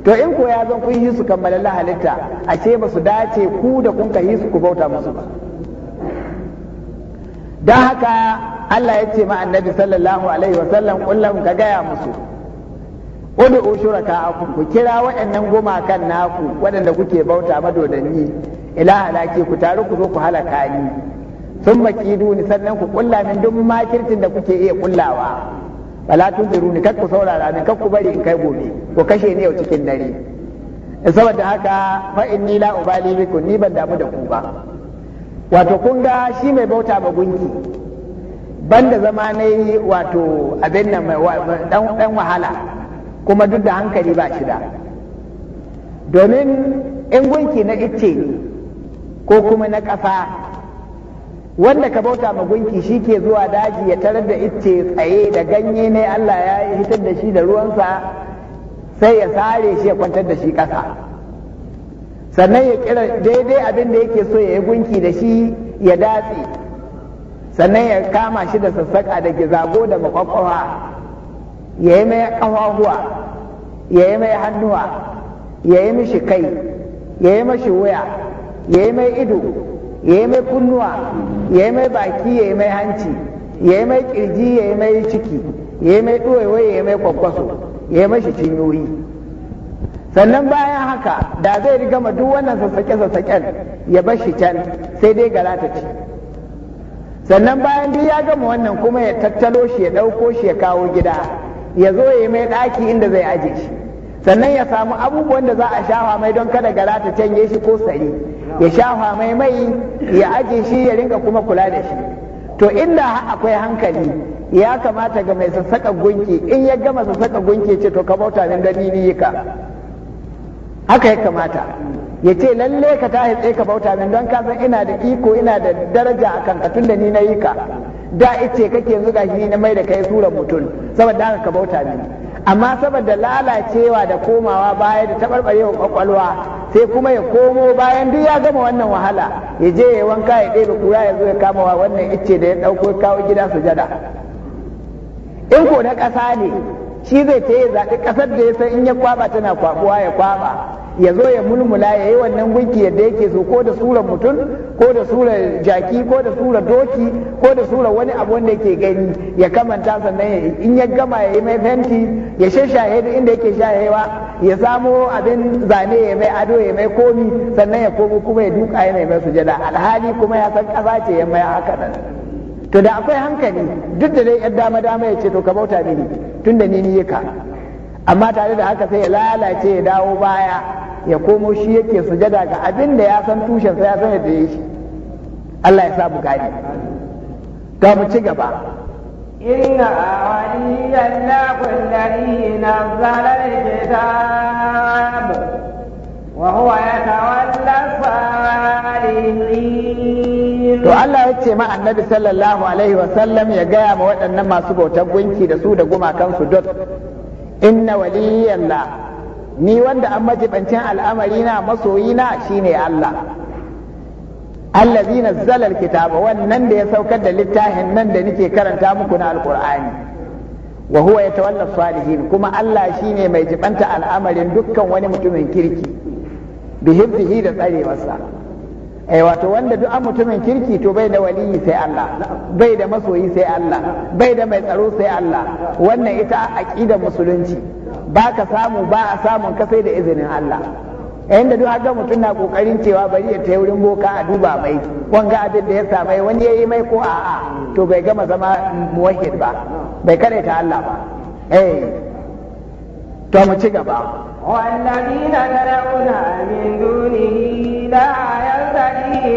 to in ko ya zan kun yi su kammalalla halitta ashe ba su dace ku da kun ka yi su ku bauta musu ba don haka Allah ya ce ma annabi sallallahu alaihi wasallam kullum ka gaya musu wadda ka akun ku kira waɗannan gumakan naku waɗanda kuke bauta madodanni ila halaki ku taru ku zo ku halaka ni sun baki duni sannan ku kulla min duk makircin da kuke iya kullawa bala tun ziru ni kakku saurara ni kakku bari in kai gobe ku kashe ni yau cikin dare eh, saboda haka fa inni la ubali bikum ni ban damu da ku ba wato kun ga shi mai bauta ba gunki banda zama nayi wato abin nan mai dan wahala kuma duk da hankali ba shi da domin in gunki na icce ko kuma na ƙasa wanda ka bauta ma gunki shi ke zuwa daji ya tarar da icce tsaye da ganye ne Allah ya yi hitar da shi da ruwansa sai ya sare shi ya kwantar da shi ƙasa sannan ya kira daidai abin da yake so ya yi gunki da shi ya datse sannan ya kama shi da sassaƙa da gizago da makwakwawa ya yi mai ƙafafuwa ya yi mai hannuwa ya yi mishi kai ya yi mashi wuya ya yi mai ido ya yi mai kunnuwa ya yi mai baki ya yi mai hanci ya yi mai kirji ya yi mai ciki ya yi mai ɗoyewa ya yi mai kwakwaso ya yi mashi cinyoyi sannan bayan haka da zai rigama duk wannan sassaƙe-sassaƙen ya bar shi can sai dai galata ce sannan bayan duk ya gama wannan kuma ya tattalo shi ya ɗauko shi ya kawo gida ya zo ya mai ɗaki inda zai aje shi sannan ya samu abubuwan da za a shafa mai don kada gara ta canje shi ko sari ya shafa mai mai ya aje shi ya ringa kuma kula da shi to inda akwai hankali ya kamata ga mai sassaka gunki in ya gama sassaka gunki ce to ka bauta min yi ka haka ya kamata ya ce lalle ka tashi tsaye ka bauta min don ka ina da iko ina da daraja a kan tun da ni na yi ka da ice kake yanzu gashi na mai da kai sura mutum saboda haka ka bauta mini amma saboda lalacewa da komawa baya da tabarbarewa kwakwalwa sai kuma ya komo bayan duk ya gama wannan wahala ya je ya wanka ya ɗebe kura ya zo ya kama wa wannan ice da ya ɗauko kawo gida sujada in ko na ƙasa ne shi zai ta yi zaɓi ƙasar da ya san in ya kwaba tana kwabuwa ya kwaba ya zo ya mulmula ya yi wannan gunki yadda yake so ko da surar mutum ko da surar jaki ko da surar doki ko da surar wani abu wanda yake gani ya kamanta sannan in ya gama ya yi mai fenti ya shashaye duk inda yake shayewa ya samo abin zane ya mai ado ya mai komi sannan ya komo kuma ya duka ya mai sujada alhali kuma ya san kasa ce ya mai haka nan to da akwai hankali duk da dai yar dama dama ya ce to ka bauta mini tunda ni ni ka amma tare da haka sai ya lalace ya dawo baya ya komo shi yake sujada ga abin da ya san tushen sai ya san yadda ya shi Allah ya sa mu gane ga mu ci gaba inna awaliyan la kullari nazzala al-kitab wa huwa yatawalla salihin to Allah ya ce ma annabi sallallahu alaihi wa sallam ya gaya ma waɗannan masu bautar gunki da su da gumakan su dot inna waliyallah ni wanda an majibancin al'amari na masoyi na shine Allah allazi nazzala alkitaba wannan da ya saukar da littafin nan da nake karanta muku na alqur'ani wa huwa yatawalla salihin kuma Allah shine mai jibanta al'amarin dukkan wani mutumin kirki bi da tsare masa eh wato wanda duk an mutumin kirki to bai da waliyi sai Allah bai da masoyi sai Allah bai da mai tsaro sai Allah wannan ita aqidar musulunci ba ka samu ba a samun ka sai da izinin Allah yayin eh, da duk haka mutum na kokarin cewa bari ya tayi wurin boka a duba mai wanga abin da ya mai wani yayi mai ko a'a to bai gama zama muwahhid ba bai kare ta Allah ba eh to mu ci gaba والذين تدعون min dunihi la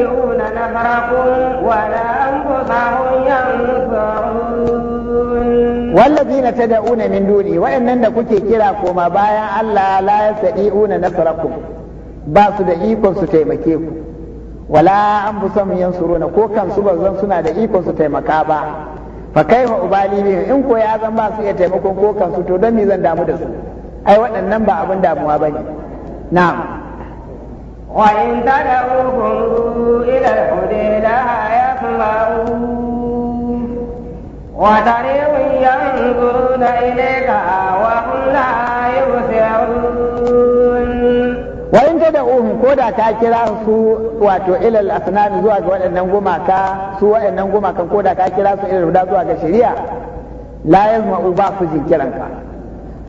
يستطيعون نفرهم ولا أنفسهم ينفعون والذين تدعون من دوني وإن كنت كلاكم بايا ألا لا يستطيعون نفركم ba su da ikon su taimake ku wala an bu samun yansuruna ko kan su ba zan suna da ikon su taimaka ba fa kai wa ubali ne in ko ya zan ba su iya taimakon ko kan su to don me zan damu da su ai waɗannan ba abin damuwa bane na'am Kwayinta da ukun gudu idan Haule na haya sun haɗu, watanni mun yi hanyoyin suna iya kawo hula ayi musu yaro. Kwayinta da ungu ko da ka kira su wato ilal asanabi zuwa ga waɗannan gumakan ko da ka kira su ilar guda zuwa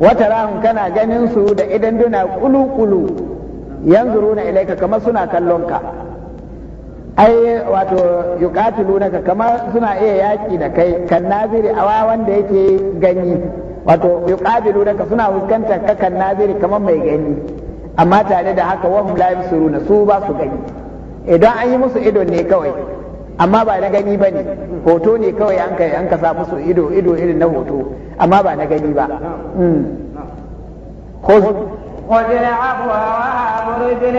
Wata raha kana ganin su da idan ina kulu yanzuruna ilaika kamar suna kallonka. ai wato yuqatilunaka kamar suna iya yaki da kai kan naziri awa wanda yake ganyi. wato yuqatilunaka suna fuskantar ka kan naziri kamar mai gani amma tare da haka wahum la yusuruna su ba su gani idan an yi musu ido ne kawai amma ba na gani ba ne hoto ne kawai an ka an ka sa musu ido ido irin na hoto amma ba na gani ba hmm. خذ العفو وعمر بن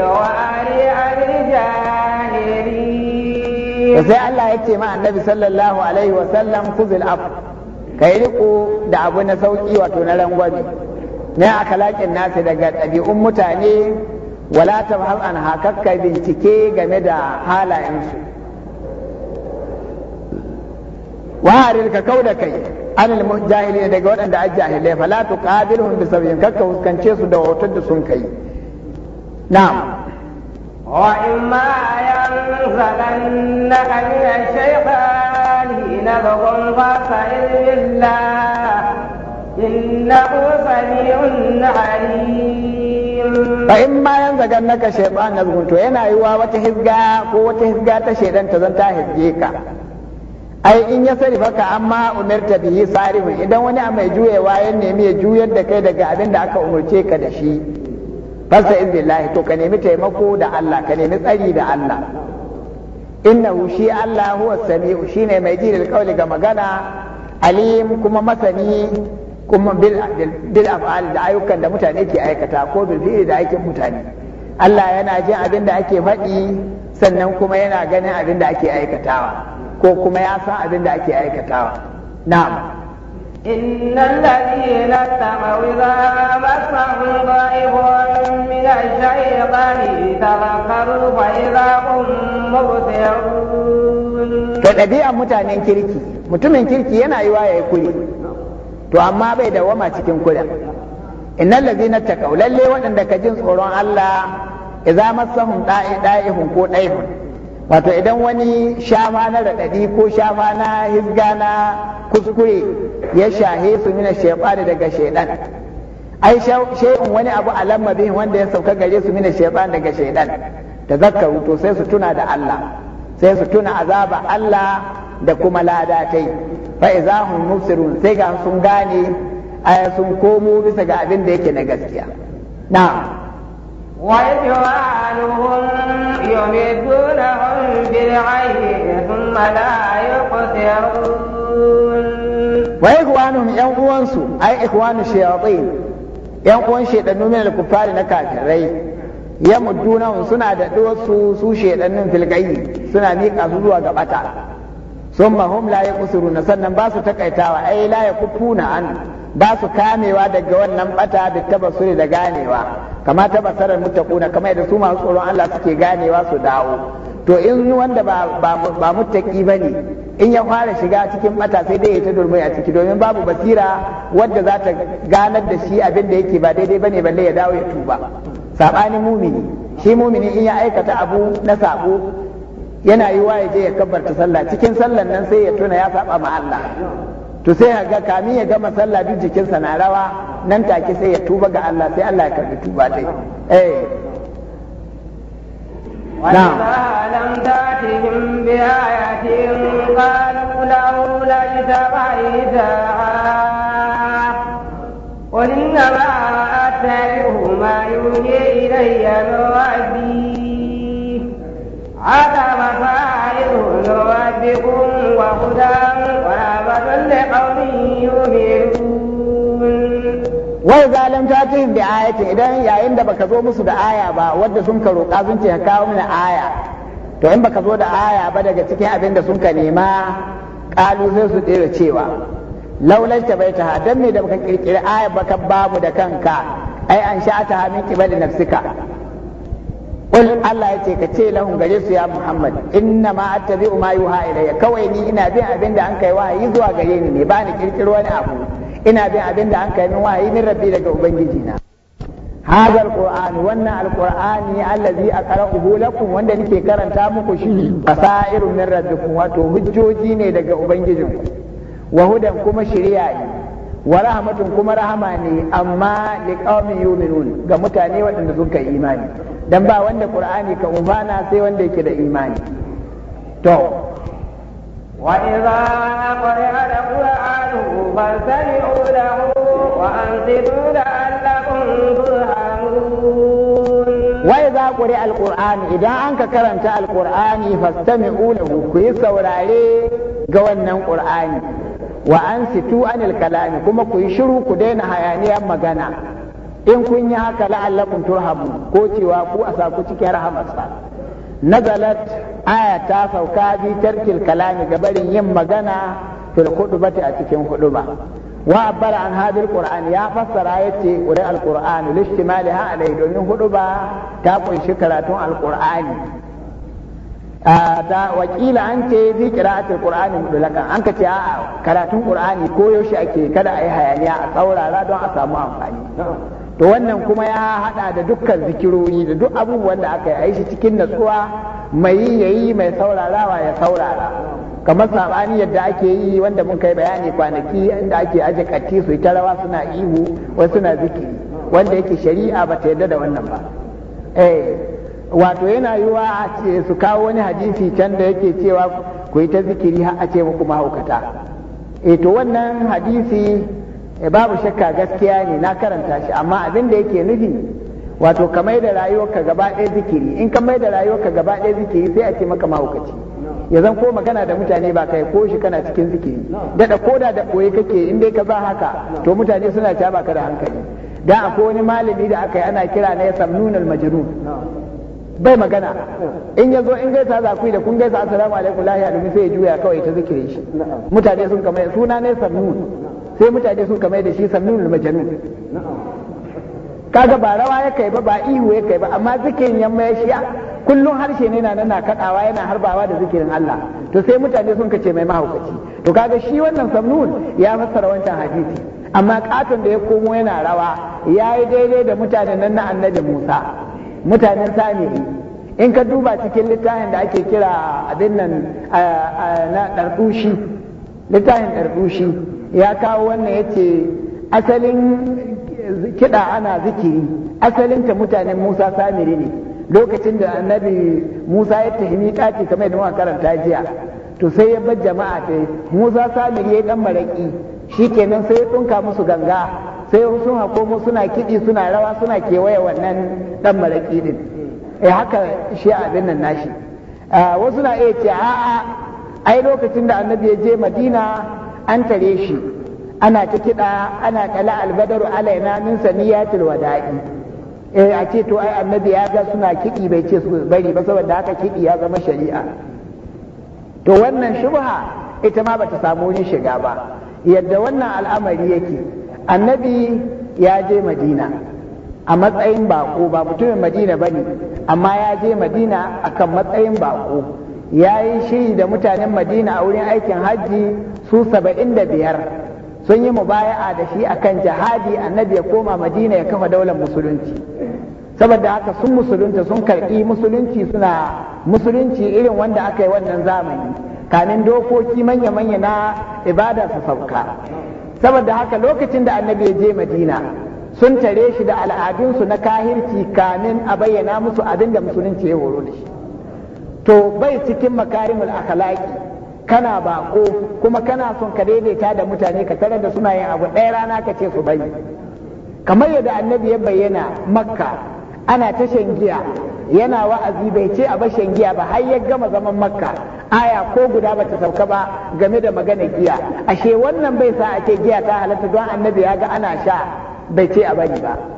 وأعرض عن الجاهلين sai Allah ya ce ma annabi sallallahu alaihi wa sallam kuzil af kai da abu na sauki wato na rangwame na akalakin nasu daga ɗabi'un mutane wala har an hakakka bincike game da halayensu wa da kai anil jahili daga waɗanda an jahilai fa la tuqabiluhum bi sabiyin kakka huskance su da hotar da sun kai na'am wa imma yanzalannaka min ash-shaytani nazaghun fasta'id billah innahu sami'un alim fa in ma yan zagan naka shaytan nazgun to yana yiwa wata hizga ko wata hizga ta shaydan ta zan ta hizge ka ai in ya sani baka amma umarta bihi sarifin idan wani a mai juyewa ya nemi ya juyar da kai daga abin da aka umarce ka da shi fasta izbillahi to ka nemi taimako da Allah ka nemi tsari da Allah innahu shi Allah huwa sami'u shine mai ji da ga magana alim kuma masani kuma bil bil af'al da ayyukan da mutane ke aikata ko bil fi'li da aikin mutane Allah yana jin abin da ake faɗi sannan kuma yana ganin abin da ake aikatawa ko kuma ya san abin da ake aikatawa na'am إن الذين اتقوا إذا مسهم ضعيف من الشيطان تذكروا فإذا هم مبصرون to ɗabi'an mutanen kirki mutumin kirki yana yi waye kuri to amma bai da wama cikin kudan innal ladina taqaw lalle waɗanda ka jin tsoron Allah idza masahum da'ihun ko da'ihun wato idan wani shafa na raɗaɗi ko shafa na hizga na kuskure ya shahe su mina shaifani daga shaidan ai shay'un wani abu a lamarin wanda ya sauka gare su mina shaifani daga shaidan ta zakaru to sai su tuna da Allah sai su tuna azaba Allah da kuma ladatai fa izahum mubsirun sai ga sun gane sun komo bisa ga abin da yake na gaskiya na'am وإخوانهم يمدونهم بالعين ثم لا يقصرون وإخوانهم ينقوانسوا أي إخوان الشياطين ينقوان شيطانون من الكفار نكاكرين yamuddunahum suna da su su shedannin filgayi suna miƙa su zuwa ga bata sun hum la na sannan ba su takaitawa ai la yakufuna an ba su kamewa daga wannan bata da tabassuri da ganewa kama ta basarar mutakuna kama yadda su masu tsoron Allah suke ganewa su dawo to in wanda ba ba, ba bane in ya fara shiga cikin mata sai dai ya ta durmai a ciki domin babu basira wadda za ta ganar da shi abin da yake ba daidai bane balle ya dawo ya tuba sabanin mumini shi mumini in ya aikata abu na sabo yana yiwuwa ya je ya kabbarta sallah cikin sallan nan sai ya tuna ya saba ma Allah to sai ga kamin ya gama sallah duk jikinsa na rawa nan take sai ya tuba ga Allah sai Allah ya karbi tuba dai eh نعم لم تأتهم بآية قالوا لولا اجتمعتها قل إنما أتبعه ما يوحي إلي من ربي عدم فاعله ربكم وهدى ورحمة لقوم يؤمنون وإذا لم تأتهم بآية إذا يا إن بك زو مسو da aya ba wadda sun ka roƙa sun ce kawo mana aya to in baka zo da aya ba daga cikin abin da sun ka nema ƙalu sai su tsere cewa Laulan ta bai ta dan me da baka kirkiri aya baka babu da kanka ai an sha'ata min kibali nafsika qul Allah yace ka ce lahum gare su ya Muhammad inna ma attabi'u ma yuha ilayya kawai ni ina bin abin da an kai wahayi zuwa gare ni ne ba ni kirkiro wani abu ina bin abin da an kai min wahayi min rabbi daga ubangiji na hadha alquran wannan alqurani allazi aqra'uhu lakum wanda nake karanta muku shi fasairun min rabbikum wato hujjoji ne daga ubangijinku wa hudan kuma shari'a ne wa rahmatun kuma rahama ne amma liqaumin yu'minun ga mutane waɗanda suka imani dan ba wanda qur'ani ka umfana sai wanda yake da imani to wa idza qara'a al-qur'anu fastami'u lahu wa ansitu la'allakum turhamun wa idza qara'a al-qur'anu idan an ka karanta al-qur'ani fastami'u lahu ku yi saurare ga wannan qur'ani wa ansitu anil kalami kuma ku yi shiru ku daina hayaniyar magana in kun yi haka la'allakum turhamu ko cewa ku a saku cikin rahamarsa nazalat aya ta sauka bi tarkil kalami gabarin yin magana fil khutbati a cikin khutba wa abbara an hadil qur'an ya fassara yace qura alquran lishtimaliha alai domin khutba ta kunshi karatun alqur'ani Ta wakila an ce fi qira'atul qur'ani mudlakan an ka ce a'a karatun qur'ani ko yaushe ake kada a yi hayaniya a tsaurara don a samu amfani to wannan kuma ya hada da dukkan zikirori da duk abubuwan da aka yi shi cikin natsuwa mai yi yayi mai saurarawa ya saurara kamar sabani yadda ake yi wanda mun kai bayani kwanaki inda ake aje kati su ta rawa suna ihu wasu suna zikiri wanda yake shari'a ba ta yadda da wannan ba eh wato yana yiwa a ce su kawo wani hadisi can da yake cewa ku yi ta zikiri har a ce muku mahaukata eh to wannan hadisi Eh, babu shakka gaskiya ne na karanta shi amma abin da yake nufi wato ka mai da rayuwarka gaba ɗaya zikiri in ka mai da rayuwarka gaba ɗaya zikiri sai a ce maka mahaukaci ya zan ko magana da mutane ba kai ko shi kana cikin zikiri daɗa koda da da koyi kake in dai ka za haka to mutane suna ta baka da hankali da akwai wani malami da aka yi ana kira na ya samnunal majnun bai magana in yazo in gaisa za ku da kun gaisa assalamu alaikum lahiya sai ya juya kawai ta zikirin shi mutane sun kamar suna ne samnun sai mutane sun kamar da shi samnun majanun kaga ba rawa ya kai ba ba ihu ya kai ba amma zikirin yamma ya kullum harshe ne na nana kadawa yana harbawa da zikirin Allah to sai mutane sun kace mai mahaukaci to kaga shi wannan samnun ya fassara wancan hadisi amma katon da ya komo yana rawa ya yi daidai da mutane nan na annabi Musa mutanen Samiri in ka duba cikin littafin da ake kira abin nan na ɗarɗushi littafin ɗarɗushi ya kawo wannan ya ce asalin kiɗa ana zikiri asalinta mutanen musa samiri ne lokacin da annabi musa ya tahimi ɗaki kamar yadda muka karanta jiya to sai ya bar jama'a ta musa samiri ya dan maraki kenan sai ya tsunka musu ganga sai sun mu suna kiɗi suna rawa suna kewaye wannan dan maraƙi din eh haka shi abin nan nashi ah, wasu na iya ce a'a ai lokacin da annabi ya je madina an tare shi ana ta kiɗa ana kala albadaru alaina min saniyatil wada'i eh a ce to ai annabi ya ga suna kiɗi bai ce su bari ba saboda haka kiɗi ya zama shari'a to wannan shubha ita ma bata samu wani shiga ba yadda wannan al'amari yake annabi ya je madina a matsayin bako ba mutumin madina bane amma ya je madina akan matsayin bako ya yi shiri da mutanen madina a wurin aikin hajji su saba'in da biyar sun yi mubaya'a da shi akan jihadi annabi ya koma madina ya kafa daular musulunci saboda haka sun musulunta sun karɓi musulunci suna musulunci irin wanda aka yi wannan zamani kamin dokoki manya-manya na ibada su sauka saboda haka lokacin da annabi ya je madina sun tare shi da al'adunsu na kahirci kamin a bayyana musu abin da musulunci ya horo da shi to bai cikin makarimul akhlaqi kana bako kuma kana son ka daidaita da mutane ka tare da suna yin abu ɗaya rana ka ce su bai kamar yadda annabi ya bayyana makka ana ta giya yana wa'azi bai ce a bashin giya ba har ya gama zaman makka aya ko guda ba ta sauka ba game da magana giya ashe wannan bai sa a ce giya ta halatta don annabi ya ga ana sha bai ce a bari ba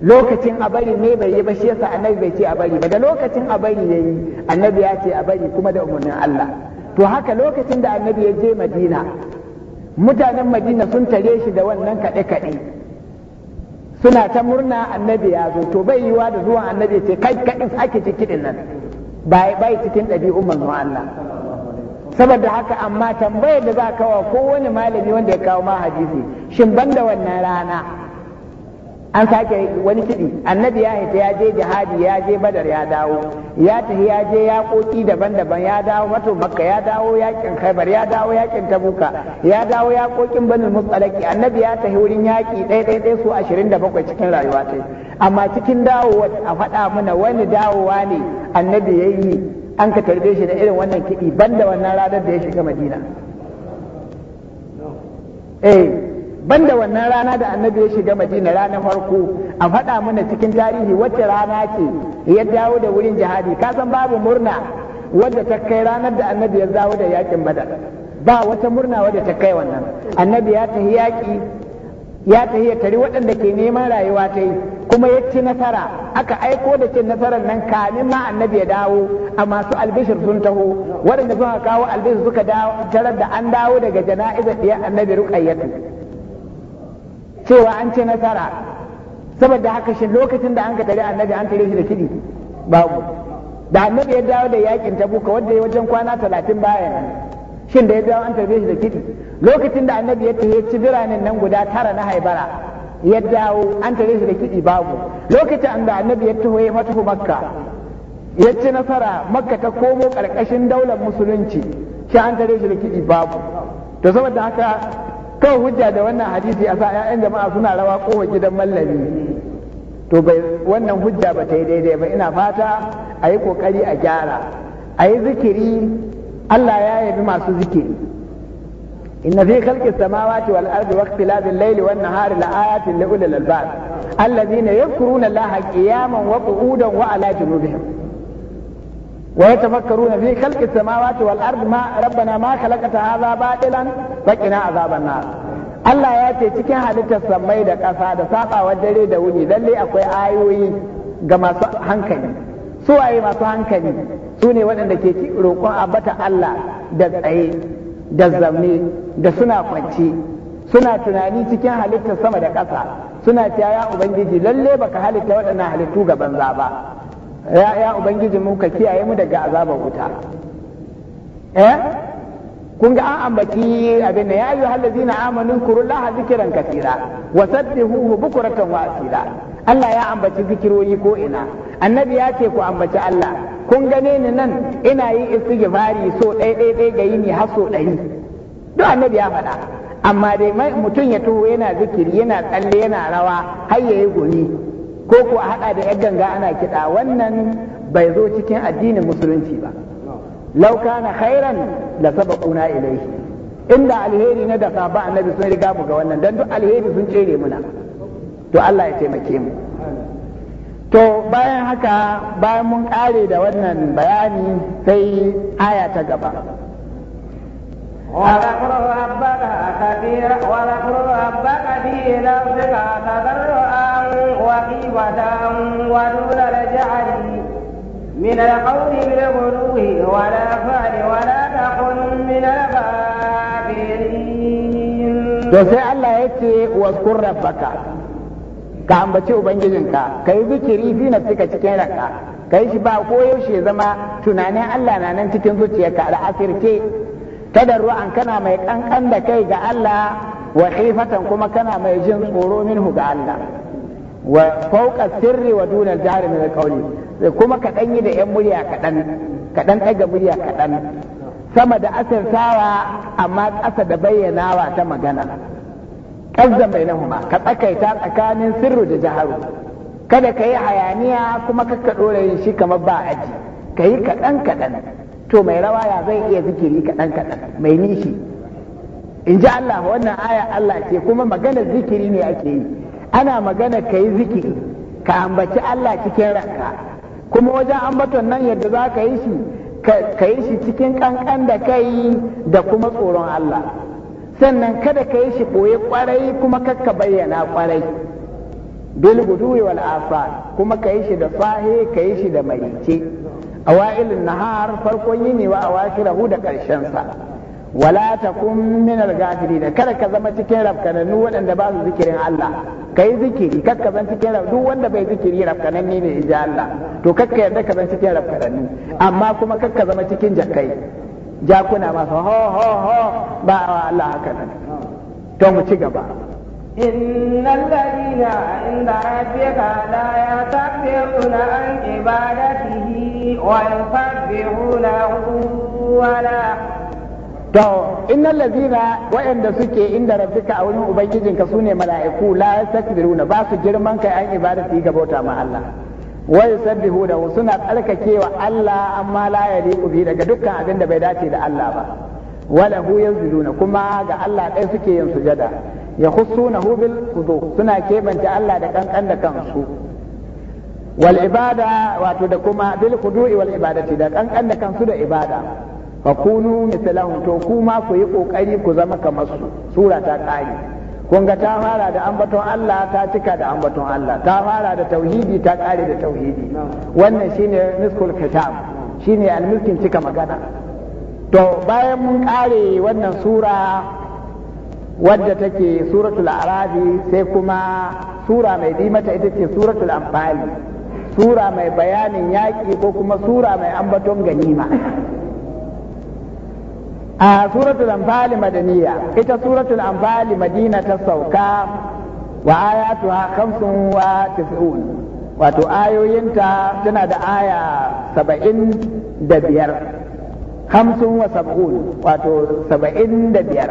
lokacin a bari ne bai yi ba shi yasa annabi bai ce a bari ba da lokacin a bari yayi annabi ya ce a bari kuma da umarnin Allah to haka lokacin da annabi ya je Madina mutanen Madina sun tare shi da wannan kade-kade, suna ta murna annabi ya zo to bai yiwa da zuwan annabi ce kai kaɗin ake cikin nan bai bai cikin ɗabi'un manzon Allah saboda haka amma tambayar da za ka wa ko wani malami wanda ya kawo ma hadisi shin banda wannan rana an sake wani kiɗi annabi ya hita ya je jihadi ya je badar ya dawo ya tafi ya je yaƙoƙi daban-daban ya dawo mato makka ya dawo yakin khaibar ya dawo yaƙin tabuka ya dawo yaƙoƙin banul mutsalaki annabi ya tafi wurin yaki ɗaya ɗaya ɗaya su ashirin da bakwai cikin rayuwa ta amma cikin dawowa a faɗa mana wani dawowa ne annabi ya yi an ka tarbe shi da irin wannan kiɗi banda wannan ranar da ya shiga madina. Eh, banda wannan rana da annabi ya shiga madina ranar farko a faɗa mana cikin tarihi wacce rana ce ya dawo da wurin jihadi ka san babu murna wadda ta kai ranar da annabi ya dawo da yakin badar ba wata murna wadda ta kai wannan annabi ya tafi yaƙi ya tafi ya tari waɗanda ke neman rayuwa ta yi kuma ya ci nasara aka aiko da cin nasarar nan kamin ma annabi ya dawo a masu albishir sun taho waɗanda suka kawo albishir suka tarar da an dawo daga jana'izar ɗiyar annabi ruƙayyatu cewa an ce nasara saboda haka shi lokacin da an ka tare annabi an tare shi da kiɗi babu da annabi ya dawo da yakin tabuka wanda ya wajen kwana talatin bayan shin da ya dawo an tare shi da kiɗi lokacin da annabi ya tare ci biranen nan guda tara na haibara ya dawo an tare shi da kiɗi babu lokacin da annabi ya tuho ya matafi makka ya ci nasara makka ta komo ƙarƙashin daular musulunci shi an tare shi da kiɗi babu to saboda haka kawai hujja da wannan hadisi a sa 'ya'yan jama'a suna rawa kowa gidan mallami to bai wannan hujja ba ta yi daidai ba ina fata a yi kokari a gyara a yi zikiri Allah ya yabi masu zikiri inna fi khalqi samawati wal ardi wa ikhtilafi al-layli wan nahari la ayatin li ulil albab alladhina yadhkuruna Allaha qiyaman wa qu'udan wa ala junubihim ويتفكرون في خلق السماوات والارض ما ربنا ما خلقت هذا باطلا فقنا عذاب النار Allah ya ce cikin halittar sammai da ƙasa da wa dare da wuni lalle akwai ayoyi ga masu hankali su waye masu hankali su ne waɗanda ke roƙon abata Allah da tsaye da zamne da suna kwanci suna tunani cikin halittar sama da ƙasa suna cewa ya ubangiji lalle baka halitta waɗannan halittu ga banza ba ya ya ubangiji mu ka kiyaye mu daga azabar wuta eh kun ga an ambaci abin ya yi ayu hallazina amanu kurullaha zikiran katira wa sabbihuhu bukratan wa asira Allah ya ambaci zikirori ko ina annabi ya ce ku ambaci Allah kun gane ni nan ina yi istighfari so ɗaya ɗaya ɗaya ga yini har so ɗari duk annabi ya faɗa amma dai mutum ya tuho yana zikiri yana tsalle yana rawa har yayi goni ko ko a hada da yar ganga ana kiɗa wannan bai zo cikin addinin musulunci ba law kana khairan la sabaquna ilayhi inda alheri na da saba annabi sun riga mu ga wannan dan duk alheri sun cere muna to Allah ya taimake mu to bayan haka bayan mun kare da wannan bayani sai aya ta gaba وذكر ربك كثيرا وذكر ربك في نفسك تضرعا وخيفة ودون الجعل من القول بالغلو ولا فعل ولا تكن من الكافرين. to sai Allah ya ce ka ambaci ubangijinka ka yi zikiri fi nafsika cikin ranka ka yi shi ba koyaushe zama tunanin Allah na nan cikin zuciyarka da asirce tadarru'an kana mai ƙanƙan da kai ga Allah wa kuma kana mai jin tsoro minhu ga Allah wa fawqa sirri wa duna al-jahri min kuma kaɗan yi da yan murya kaɗan kaɗan ɗaga murya kaɗan sama da asirtawa amma ƙasa da bayyanawa ta magana ƙazzan bai nahuma ka tsakaita tsakanin sirri da jaharu kada ka yi hayaniya kuma kakka ɗora yin shi kamar ba aji ka yi kaɗan kaɗan to mai rawaya zai iya zikiri kaɗan kaɗan mai nishi in ji Allah wannan aya Allah ce kuma magana zikiri ne ake yi ana magana ka yi zikiri ka ambaci Allah cikin ranka kuma wajen ambaton nan yadda za ka yi shi ka yi shi cikin kankan da kai da kuma tsoron Allah sannan kada ka yi shi ɓoye kwarai kuma kakka bayyana kwarai bil guduwi wal kuma ka yi shi da sahe ka yi shi da marice awailin nahar farkon yini wa rahu da karshen sa wala takun min al-ghafirin kada ka zama cikin rafkanannu waɗanda ba su zikirin Allah kai zikiri kakka zan cikin duk wanda bai zikiri rafkananne ne inji Allah to kakka yarda ka zan cikin rafkanannu amma kuma kakka zama cikin jakai jakuna masu ho ho ho ba Allah haka nan to mu ci gaba إن الذين عند ربك لا يستكبرون عن عبادته ويسبحونه ولا To, innal lazina waɗanda suke inda rabbika a wurin Ubangijinka su ne mala'iku la yastakbiruna ba su girman kai an ibada su ga bauta ma Allah. Wai yusabbihu da suna tsarkakewa Allah amma la ku bi daga dukkan abin da bai dace da Allah ba. Wala hu yanzuruna kuma ga Allah ɗaya suke yin sujada. ya khusunahu bil khudu suna kebanta Allah da kankan da kansu wal ibada wato da kuma bil khudu'i wal ibadati da kankan da kansu da ibada fa kunu mithlahum to kuma ku yi kokari ku zama kamar su sura ta kare kun ga ta fara da ambaton Allah ta cika da ambaton Allah ta fara da tauhidi ta kare da tauhidi wannan shine miskul kitab shine almiskin cika magana to bayan mun kare wannan sura wadda take suratul arabi sai kuma sura mai bi ita ce suratul amfani sura mai bayanin yaƙi ko kuma sura mai ambaton ganima a suratul amfali madaniya ita suratul amfali madina ta sauka wa ayatuha khamsun wa tis'un wato ayoyinta tana da aya saba'in da biyar hamsin wa sab'un wato saba'in da biyar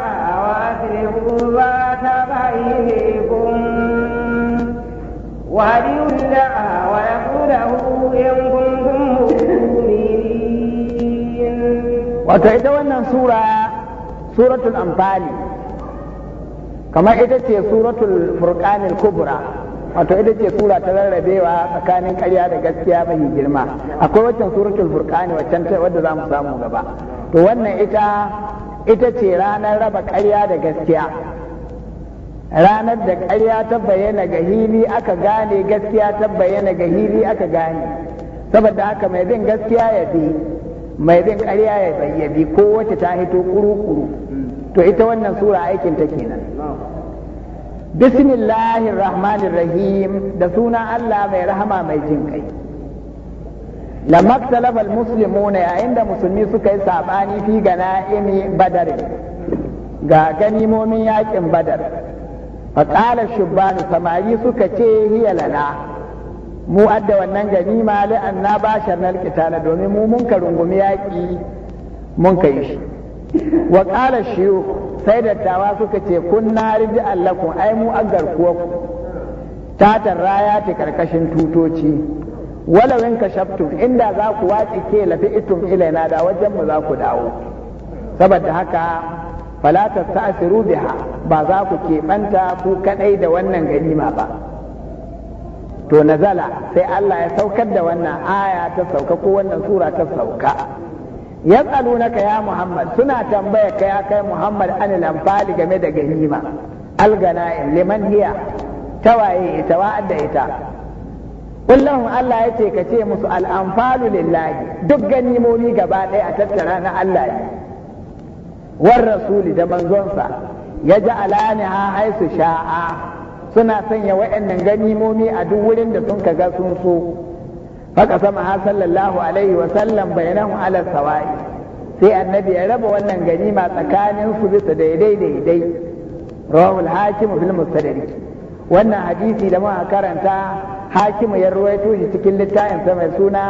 وهديوا الله ورسوله إن كنتم مؤمنين وتعدونا سورة سورة الأنفال كما إذا سورة الفرقان الكبرى wato ita ce sura ta rarrabewa tsakanin ƙarya da gaskiya mai girma akwai wancan suratul furqani waccan ta wadda za mu samu gaba to wannan ita ita ce ranar raba ƙarya da gaskiya ranar da ƙarya ta bayyana ga hili aka gane gaskiya ta bayyana ga hili aka gane saboda haka mai bin gaskiya ya bi mai bin ƙarya ya bayyabi ko wacce ta hito kuru-kuru to ita wannan sura aikin ta kenan bismillahir rahmanir rahim da suna Allah mai rahama mai jin kai lamaktalafal muslimuna yayin da musulmi suka yi saɓani fi ga na'imi badar ga ganimomin yakin badar faƙalar shubbanu samari suka ce hiya lana mu adda wannan ganima la'an na ba sharnar na domin mu mun ka rungumi yaƙi mun ka yi shi wa ƙalar shiyu sai dattawa suka ce kun na riji allakun ai mu an garkuwa ku tarra ya ta karkashin tutoci walawin ka inda za ku wace ke lafi itum ilaina da wajen mu za ku dawo saboda haka fala asiru biha ba za ku keɓanta ku kadai da wannan ganima ba to nazala sai Allah ya saukar da wannan aya ta sauka ko wannan sura ta sauka yas'alunaka ya Muhammad suna tambaya ka ya kai Muhammad anil anfali game da ganima alganaim liman hiya tawaye ita wa'adda ita kullum Allah ya ce ka ce musu al'amfalu lillahi duk ganimomi gaba ɗaya a tattara na Allah ne war rasuli da manzonsa ya ji alaniha haisu sha'a suna sanya wa'annan ganimomi a duk wurin da sun kaga sun so haka sama ha sallallahu alaihi wa sallam bainahu ala sawa'i sai annabi ya raba wannan ganima tsakanin su bisa daidai daidai rawul hakim fil mustadrik wannan hadisi da muka karanta hakimu ya ruwaito shi cikin littafin sa mai suna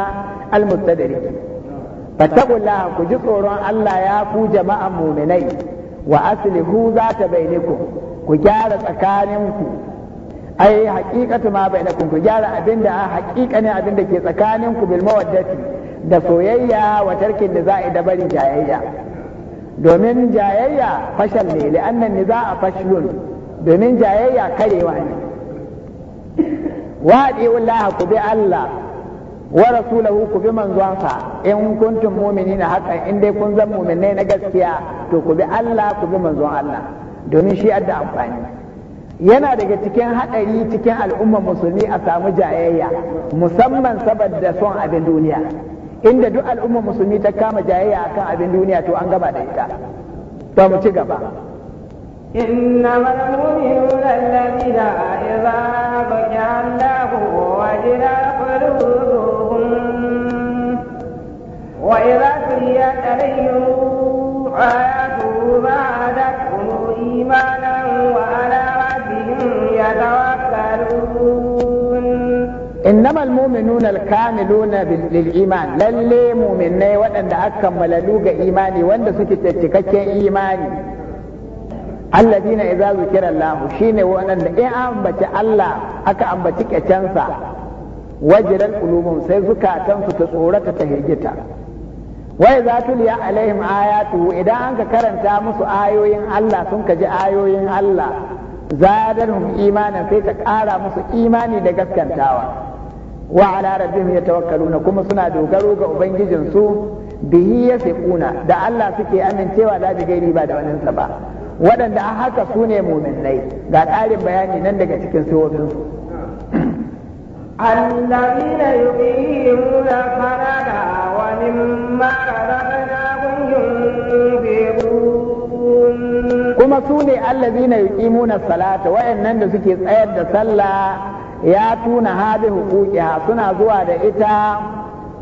al mustadrik fattaqullaha ku ji tsoron Allah ya ku jama'an mu'minai wa aslihu zata bainakum ku gyara tsakaninku ai haqiqatu ma bainakum ku gyara abinda a ne abinda ke tsakaninku bil mawaddati da soyayya wa tarkin da za'i da barin jayayya domin jayayya fashal ne li'annan niza'a fashlun domin jayayya karewa ne waɗe wallahi ku bi Allah wa rasulahu ku bi manzonsa in kuntum mu'minina haqqan in dai kun zan mu'minai na gaskiya to ku bi Allah ku bi manzon Allah domin shi adda amfani yana daga cikin haɗari cikin al'ummar musulmi a samu jayayya musamman saboda son abin duniya inda duk al'ummar musulmi ta kama jayayya akan abin duniya to an gaba da ita to mu ci gaba إنما المؤمنون الذين إذا بكى الله قلوبهم وإذا تليت عليهم آياته زادتهم إيمانا وعلى ربهم يتوكلون إنما المؤمنون الكاملون للإيمان للي مؤمنين وأن أكم لوغ إيماني وأن سكت إيماني الذين إذا ذكر الله shine وأن in ambaci الله أكا ambaci kacansa wajiran qulubum sai zukatansu ta tsorata ta wai za tuliya alaihim ayatu idan an ka karanta musu ayoyin Allah sun ka ji ayoyin Allah zadarhum imanan sai ta ƙara musu imani da gaskantawa wa ala rabbihim yatawakkaluna kuma suna dogaro ga ubangijin su bihi yasquna da Allah suke amincewa da bi gairi ba da wani ba waɗanda a haka su ne muminai ga ƙarin bayani nan daga cikin sifofin su الذين يقيمون الصلاة ومما kuma su ne allazina yuqimuna salata nan da suke tsayar da sallah ya tuna habi hukukiya suna zuwa da ita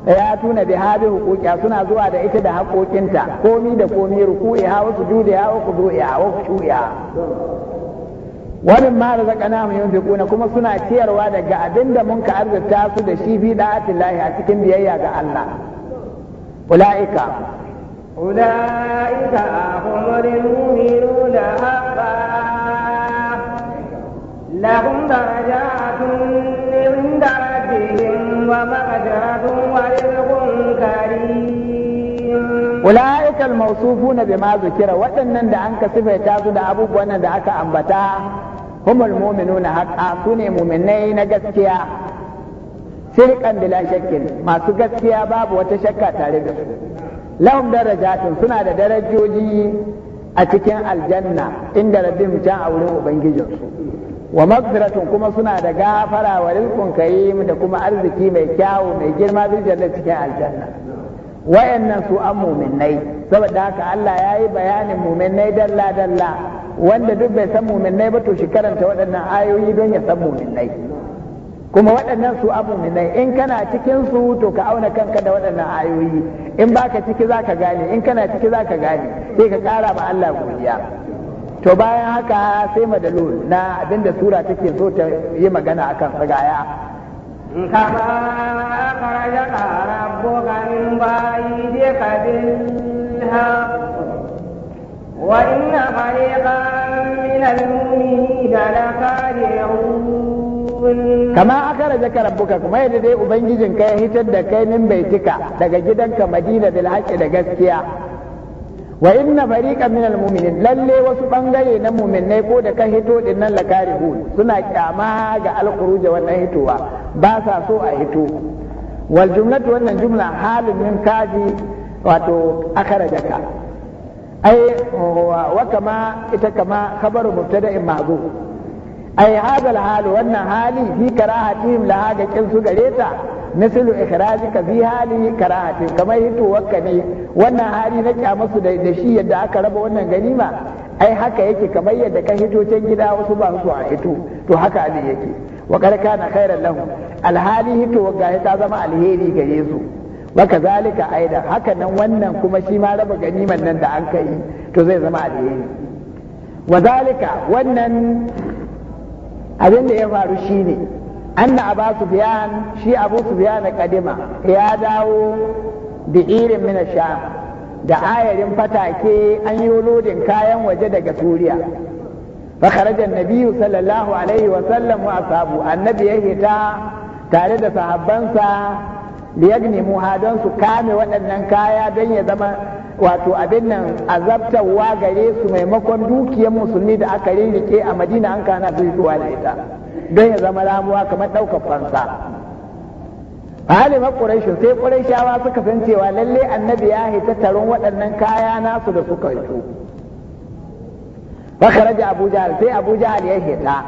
ya tuna bi habi hukukiya suna zuwa da ita da haƙoƙinta komi da komi ruku'iha wa sujudiha wa qudu'iha wasu shuya. wani ma da zaka namu yunfiquna kuma suna ciyarwa daga abinda mun ka arzuta su da shi fi bi lahi a cikin biyayya ga Allah أولئك أولئك هم المؤمنون حقا لهم درجات عند ربهم ومغفرة ورزق كريم أولئك الموصوفون بما ذكر وأن أنك صفة تازد أبوك وأن أنك أنبتاه هم المؤمنون حقا سنة مؤمنين جسكيا sirqan bila shakkin masu gaskiya babu wata shakka tare da su lahum darajatun suna da darajoji a cikin aljanna inda rabbim can a wurin ubangijinsu wa magfiratun kuma suna da gafara wa rizqun karim da kuma arziki mai kyawu mai girma bil cikin aljanna wayannan su an muminnai saboda haka Allah ya yi bayanin muminnai dalla dalla wanda duk bai san muminnai ba to shi karanta waɗannan ayoyi don ya san muminai kuma waɗannan su abu ne nan, in kana cikin su to ka auna kanka da waɗannan ayoyi in baka ciki zaka gane in kana ciki zaka gane sai ka ƙara ma Allah godiya to bayan haka sai madalul na abinda sura take so ta yi magana akan sagaya kama akhrajaka rabbuka min baydika wa inna fariqan min al-mu'minina kama da zaka rabuka kuma yadda dai ubangijin ka ya hitar da kai min tika daga gidanka madina bil haqqi da gaskiya wa inna fariqan minal mu'minin lalle wasu bangare na mu'minai ko da ka hito din nan la suna kyama ga alkhuruj wannan hitowa ba sa so a hito wal jumlatu wannan jumla halin min kaji wato akara ka. ai wa kama ita kama khabaru mubtada'in ma'zuf ai hadal hal wannan hali fi karahatihim la haga kin su gare ta misalu ikhrajika fi hali karahati kamar hitowarka ne wannan hali na kyamasu da da shi yadda aka raba wannan ganima ai haka yake kamar yadda ka hito can gida wasu ba su a hito to haka abin yake wa qad kana khairan lahum alhali hitowar ga ta zama alheri gare su wa zalika aida haka nan wannan kuma shi ma raba ganiman nan da an kai to zai zama alheri wa zalika wannan abin da ya faru shi ne an na abu su shi abu su kadima ya dawo da irin mina sha da ayarin fatake an yi lodin kayan waje daga turiya fakarajen nabiyu sallallahu alaihi wasallam wa sabu annabi ya hita tare da sahabbansa da ya gini don su kame waɗannan kaya don ya zama wato abin nan azabtarwa gare su maimakon dukiyar musulmi da aka rike a madina an kana zuwa da ita don ya zama ramuwa kamar ɗaukar fansa halima ƙurashin sai ƙurashawa suka san cewa lalle annabi ya hita taron waɗannan kaya nasu da suka yi Baka da abu jahal sai abu jahal ya hita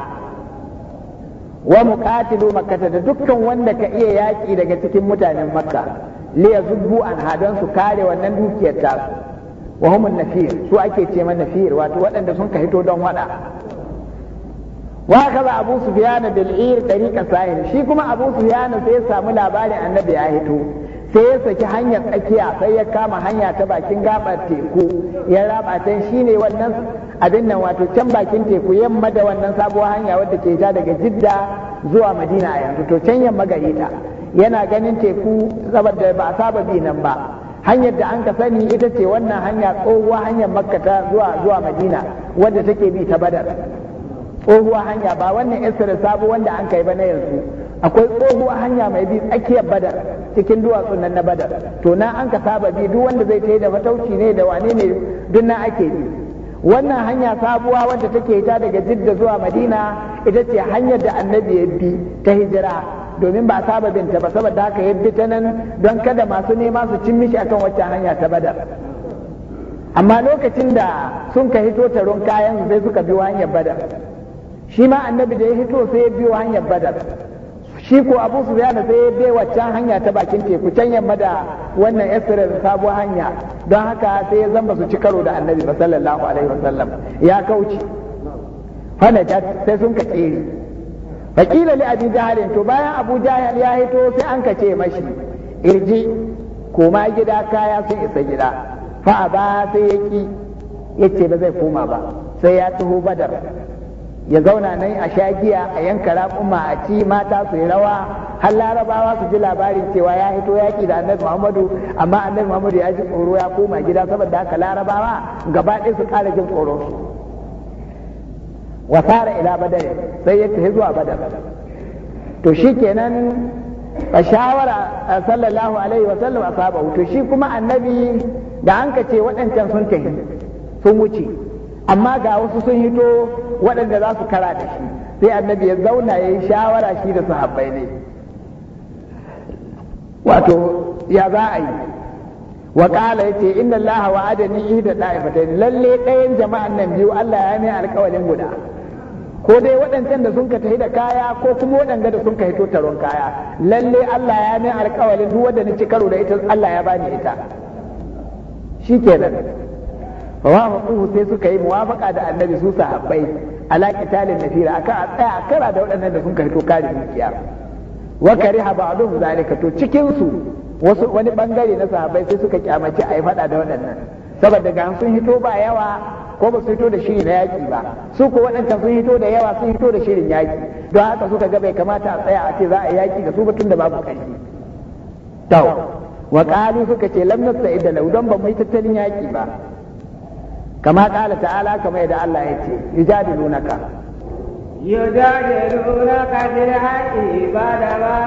wa muqatilu makkata da dukkan wanda ka iya yaƙi daga cikin mutanen makka liyazubbu zubbu an su kare wannan dukiyar ta wa humun nafir su ake ce man nafir wato waɗanda sun ka hito don wada wa kaza abu sufyan bil ir tariqa sahil shi kuma abu sufyan sai ya samu labarin annabi ya hito sai ya saki hanyar tsakiya sai ya kama hanya ta bakin gabar teku ya raba can shine wannan abin nan wato can bakin teku yamma da wannan sabuwar hanya wadda ke ta daga jidda zuwa madina a yanzu to can yamma gare ta yana ganin teku saboda ba a saba bi nan ba hanyar da an ka sani ita ce wannan hanya tsohuwa hanyar makka ta zuwa zuwa madina wadda take bi ta badar tsohuwa hanya ba wannan isra sabo wanda an kai ba na yanzu akwai tsohuwa hanya mai bi tsakiyar badar cikin duwatsun nan na badar to na an ka saba bi duk wanda zai tai da matauci ne da wane ne duk na ake bi wannan hanya sabuwa wadda take ta daga jidda zuwa madina ita ce hanyar da annabi ya bi ta hijira domin ba saba binta ba saboda haka ya bi ta nan don kada masu nema su cin mishi akan wacce hanya ta badar amma lokacin da sun ka hito taron kayan sai suka biyo hanyar badar shi ma annabi da ya hito sai ya biyo hanyar badar shi ko abu su da sai ya bai waccan hanya ta bakin teku can yamma da wannan esirin sabuwar hanya don haka sai ya zamba su ci karo da annabi sallallahu alaihi wasallam ya kauce fana sai sun ka tsere fakila li abi jahalin to bayan abu jahal ya hito sai an kace mashi irji koma gida kaya sun isa gida fa ba sai ya yace ba zai koma ba sai ya taho badar ya zauna nan a shagiya a yanka raƙuma a ci mata su yi rawa har larabawa su ji labarin cewa ya hito yaƙi da annabi muhammadu amma annabi muhammadu ya ji tsoro ya koma gida saboda haka larabawa gaba ɗaya su ƙara jin tsoro Wasara sara ila badar sai ya tafi zuwa badar to shikenan a shawara sallallahu alaihi wa sallam asaba to shi kuma annabi da an ce waɗancan sun tafi sun wuce amma ga wasu sun hito waɗanda za su kara da shi sai annabi ya zauna ya yi shawara shi da sahabbai ne wato ya za a yi wa qala yace inna allaha wa'adani ihda da'ifatayn lalle ɗayan jama'an nan biyu Allah ya mai alƙawalin guda ko dai waɗancan da sun ka tafi da kaya ko kuma waɗanga da sun ka hito taron kaya lalle Allah ya min alƙawalin duk wanda ni ci karo da ita Allah ya bani ita Shi shikenan wafaquhu sai suka yi muwafaqa da annabi su sahabbai ala qitalin nafira akan a tsaya a kara da waɗannan da sun ka hito kare dukiya wa kariha ba'dhum zalika to cikin su wasu wani bangare na sahabai sai suka kyamaci a yi faɗa da waɗannan saboda ga sun hito ba yawa ko ba su hito da shiri na yaki ba su ko waɗancan sun hito da yawa sun hito da shirin yaki don haka suka ga bai kamata a tsaya a ce za a yi yaki da su ba tun da babu ƙarfi to wa qalu suka ce lam nasta'id lahu don ba mu yi tattalin yaƙi ba kama qala ta'ala kamar yadda Allah ya ce yujadilunaka يجادلونك في الحق بعدما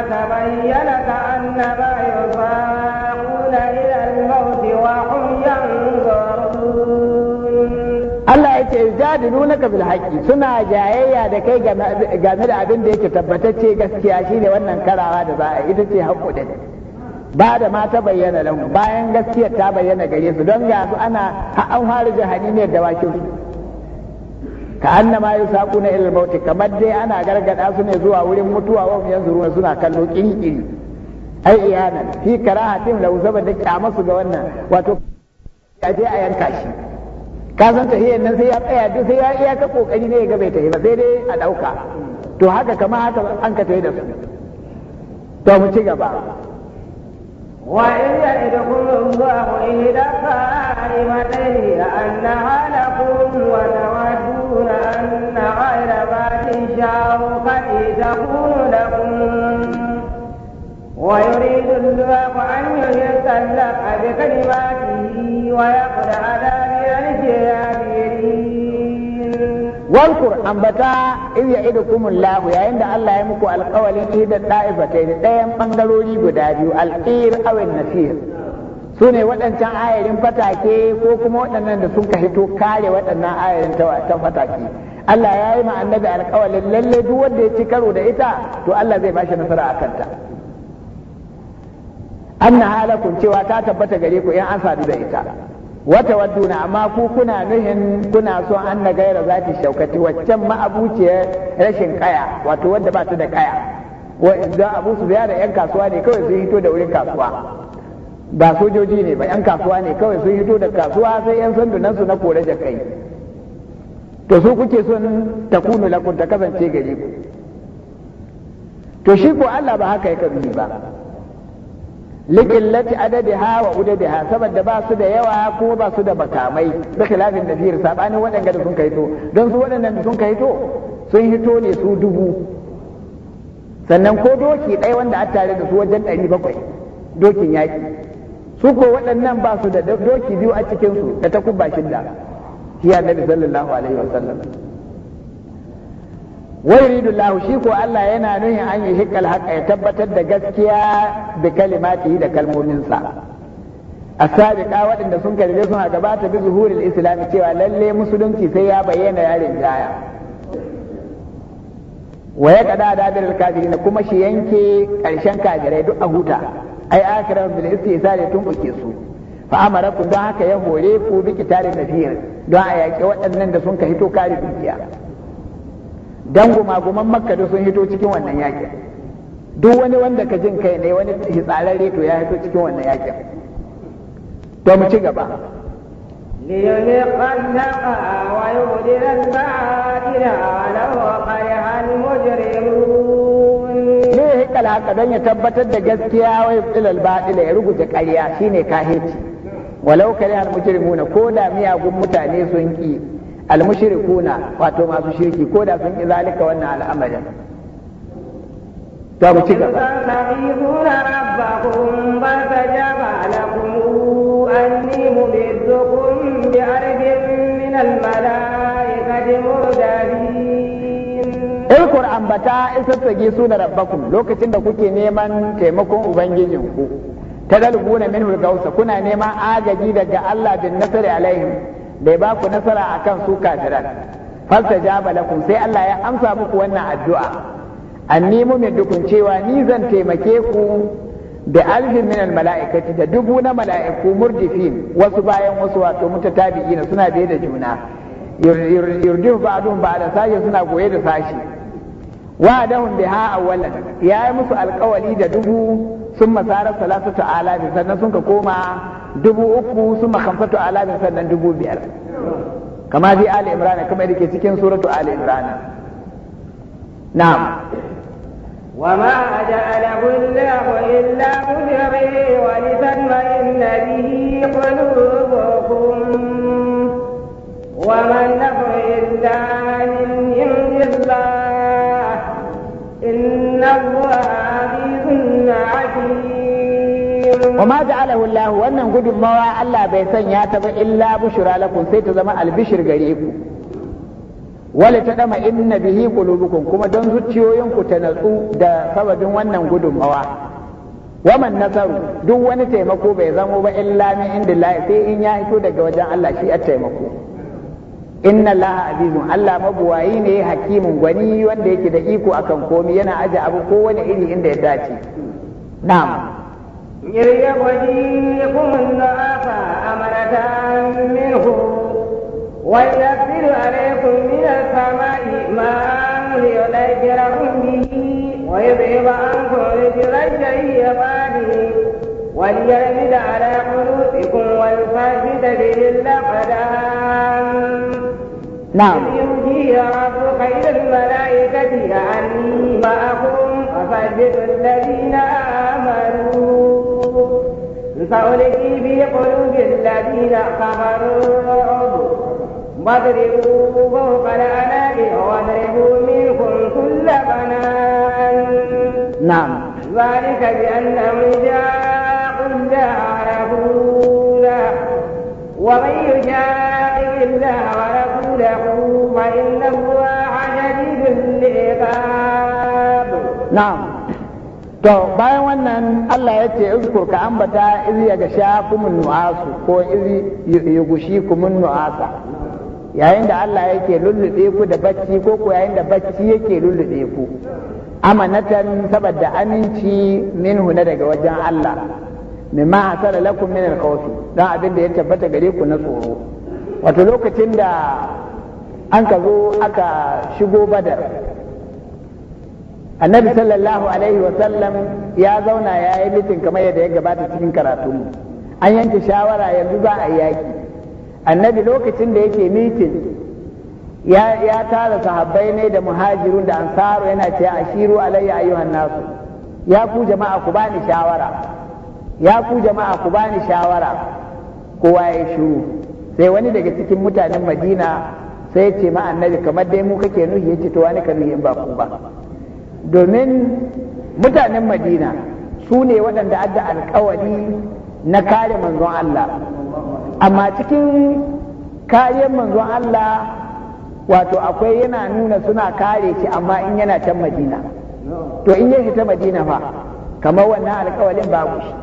تبين كأنما يساقون إلى الموت وهم ينظرون Allah ya ce jadilunaka bil haqqi suna jayayya da kai game da abin da yake tabbatacce gaskiya shine wannan karawa da za a ita ce haƙƙo da ba da ma ta bayyana lau bayan gaskiyar ta bayyana gare su don ga su ana an harijin jahani ne da wakin ka annama yusaquna ila al-maut kamar dai ana gargada su ne zuwa wurin mutuwa wa yanzu ruwa suna kallo kirkiri ai iyana fi karahatin lahu da kyama su ga wannan wato ya je a yanka shi ka san tahiyar nan sai ya tsaya duk sai ya iya ka kokari ne ya ga bai tahi ba sai dai a dauka to haka kamar haka an ka tahi da su to mu ci gaba وإن يعدكم الله إحدى القائمتين أنها لكم ولو تظنون أن غير ذات شاء قد تكون لكم ويريد الباب أن يتلقى بكلماته ويقضى على Walkur ambata iri ya idu kumun lahu yayin da Allah ya muku alkawalin idan ɗa'ifa ta yi ɗayan ɓangarori guda biyu al'ir awin nasir. su ne waɗancan ayarin fatake ko kuma waɗannan da sun fito kare waɗannan ayarin ta fatake Allah ya yi ma annabi alƙawalin lalle duk wanda ya ci karo da ita to Allah zai bashi nasara a kanta anna halakun cewa ta tabbata gare ku in an sadu da ita wata wadduna amma ku kuna nuhin kuna so an na gaira za ki shaukati waccan ma'abuciyar rashin kaya wato wadda ba ta da kaya wa abu su da yan kasuwa ne kawai sun hito da wurin kasuwa ba sojoji ne ba 'yan kasuwa ne kawai sun hito da kasuwa sai 'yan sandunansu na kore da kai to su kuke son ta kunu lakun ta kasance gare ku to shi ko Allah ba haka ya kabi ba likillati Adadaha wa Udadaha saboda ba su da yawa ko ba su da bakamai da khilafin nadir sabani waɗanda da sun kaito don su waɗannan da sun kaito sun hito ne su dubu sannan ko doki ɗaya wanda a tare da su wajen ɗari bakwai dokin yaƙi su ko waɗannan ba su da doki biyu a cikin su da takubba shidda shi nabi sallallahu alaihi sallam wa yuridu Allah shi ko Allah yana nuhin an yi hikal haqa ya tabbatar da gaskiya da kalimatihi da kalmomin kalmominsa asabiqa waɗanda sun karbe sun a gabata bi zuhuril islam cewa lalle musulunci sai ya bayyana yarin jaya wa ya kada da kafirin kuma shi yanke ƙarshen kafirai duk a huta ai akram bil istihzar ya tumbuke su fa amarakum don haka ya hore ku bi kitalin nafir don a yaƙi waɗannan da sun ka hito kare dukiya dan gumaguman makka da sun hito cikin wannan yaƙin duk wani wanda ka jin kai ne wani hitsararre to ya hito cikin wannan yaƙin to mu ci gaba ليذيق النقى ويبدل البعائد لو قرح المجرم alhaka don ya tabbatar da gaskiya wai yubtilal batila ya rubuta ƙarya shine kahirci walau kare al mujrimuna ko da miyagun mutane sun ki al mushrikuna wato masu shirki ko da sun ki zalika wannan al'amarin ta mu ci gaba أني ilkur ambata isassage suna rabbakum lokacin da kuke neman taimakon ku ta dalbuna min hulgausa kuna neman agaji daga Allah bin nasari alaihim bai ba ku nasara kan su kafiran fasta jaba lakum sai Allah ya amsa muku wannan addu'a nemo mai dukun cewa ni zan taimake ku da alfin minal mala'ikati da dubu na mala'iku murdifin wasu bayan wasu wato mutatabi'ina suna biye da juna yurdifu ba da sashi suna goye da sashi wa'adahum biha awwalan ya yi musu alkawali da dubu sun masara salasatu alamin sannan sun ka koma dubu uku sun makamsatu alamin sannan dubu biyar kama fi ali imrana kama yadda cikin ali وما جعله الله إلا مجري ولتطمئن به قلوبكم وما النصر إلا أن wa ma ja'alahu Allah wannan gudunmawa Allah bai sanya ta ba illa bushra lakum sai ta zama albishir gare ku wala ta dama inna bihi qulubukum kuma don zuciyoyin ku ta natsu da sababin wannan gudunmawa waman nasaru duk wani taimako bai zamo ba illa min indillahi sai in ya hito daga wajen Allah shi a taimako inna allaha azizun Allah mabuwayi ne hakimin gwani wanda yake da iko akan komi yana aje abu kowane iri inda ya dace na'am إذ يغييكم الضعف أمنة منه وينزل عليكم من السماء ماء ليطهركم به ويذهب عنكم رجل الشيطان وليزد على قلوبكم ولتثبت به الأقدام نعم يوحي ربك إلى الملائكة أني معكم فثبتوا الذين آمنوا فألقي في قلوب الذين كفروا واضربوا فوق الأناق واضربوا منكم كل بنان نعم ذلك بأنهم جاءوا الله ورسوله ومن يشاقق الله ورسوله فإن الله شديد العقاب نعم to bayan wannan Allah ya ce uzkur ka ambata iz ya gasha kumun nu'asu ko iz ya gushi kumun nu'asa yayin da Allah yake lulluɗe ku da bacci ko ko yayin da bacci yake lulluɗe ku amanatan saboda aminci hu na daga wajen Allah mimma asara lakum min al dan abin da ya tabbata gare ku na tsoro wato lokacin da an ka zo aka shigo badar annabi sallallahu alaihi wa sallam ya zauna ya yi mitin kamar yadda ya gabata cikin karatunmu an yanke shawara yanzu za a yaki annabi lokacin da yake mitin ya ya tara sahabbai ne da muhajirun da ansaru yana cewa ashiru alayya ayyuhan nasu ya ku jama'a ku bani shawara ya ku jama'a ku bani shawara kowa ya shiru sai wani daga cikin mutanen madina sai ya ce ma annabi kamar dai mu kake nuhi ya ce to wani ka nuhi ba ku ba domin mutanen madina su ne waɗanda adda alkawari na kare manzon Allah amma cikin kariyar manzon Allah wato akwai yana nuna suna kare shi amma in yana can madina to in yi ta madina fa kamar wannan alkawarin babu shi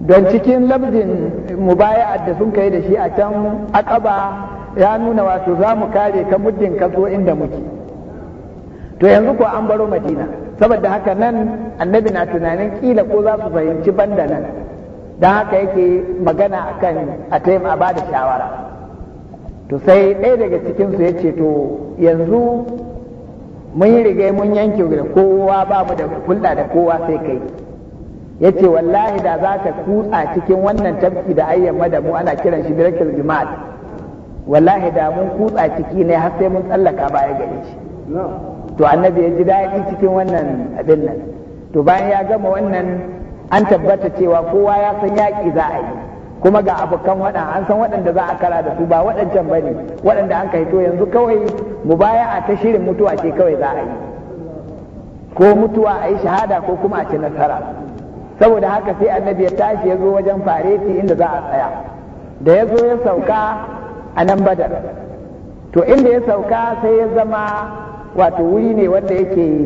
don cikin labdin baya da sun kai da shi a can akaba ya nuna wato za mu kare ka muddin ka zo inda muke to yanzu ko an baro madina saboda haka nan annabi na tunanin kila ko za su fahimci banda nan don haka yake magana kan a taim a bada shawara to sai ɗaya daga cikinsu ya ce to yanzu mun yi rigai mun yanke da kowa babu da hulɗa da kowa sai kai ya ce wallahi da za ka kutsa cikin wannan tafki da ayyan da mu ana kiran shi birkin jima'at wallahi da mun kutsa ciki ne har sai mun tsallaka baya gare shi to annabi ya ji daɗi cikin wannan abin nan to bayan ya gama wannan an tabbata cewa kowa ya san yaƙi za a yi kuma ga abokan waɗan an san waɗanda za a kara da su ba waɗancan ba ne waɗanda an kai to yanzu kawai mu baya a ta shirin mutuwa ce kawai za a yi ko mutuwa a yi shahada ko kuma a ci nasara saboda haka sai annabi ya tashi ya zo wajen fareti inda za a tsaya da ya zo ya sauka a nan badar to inda ya sauka sai ya zama wato wuri ne wanda yake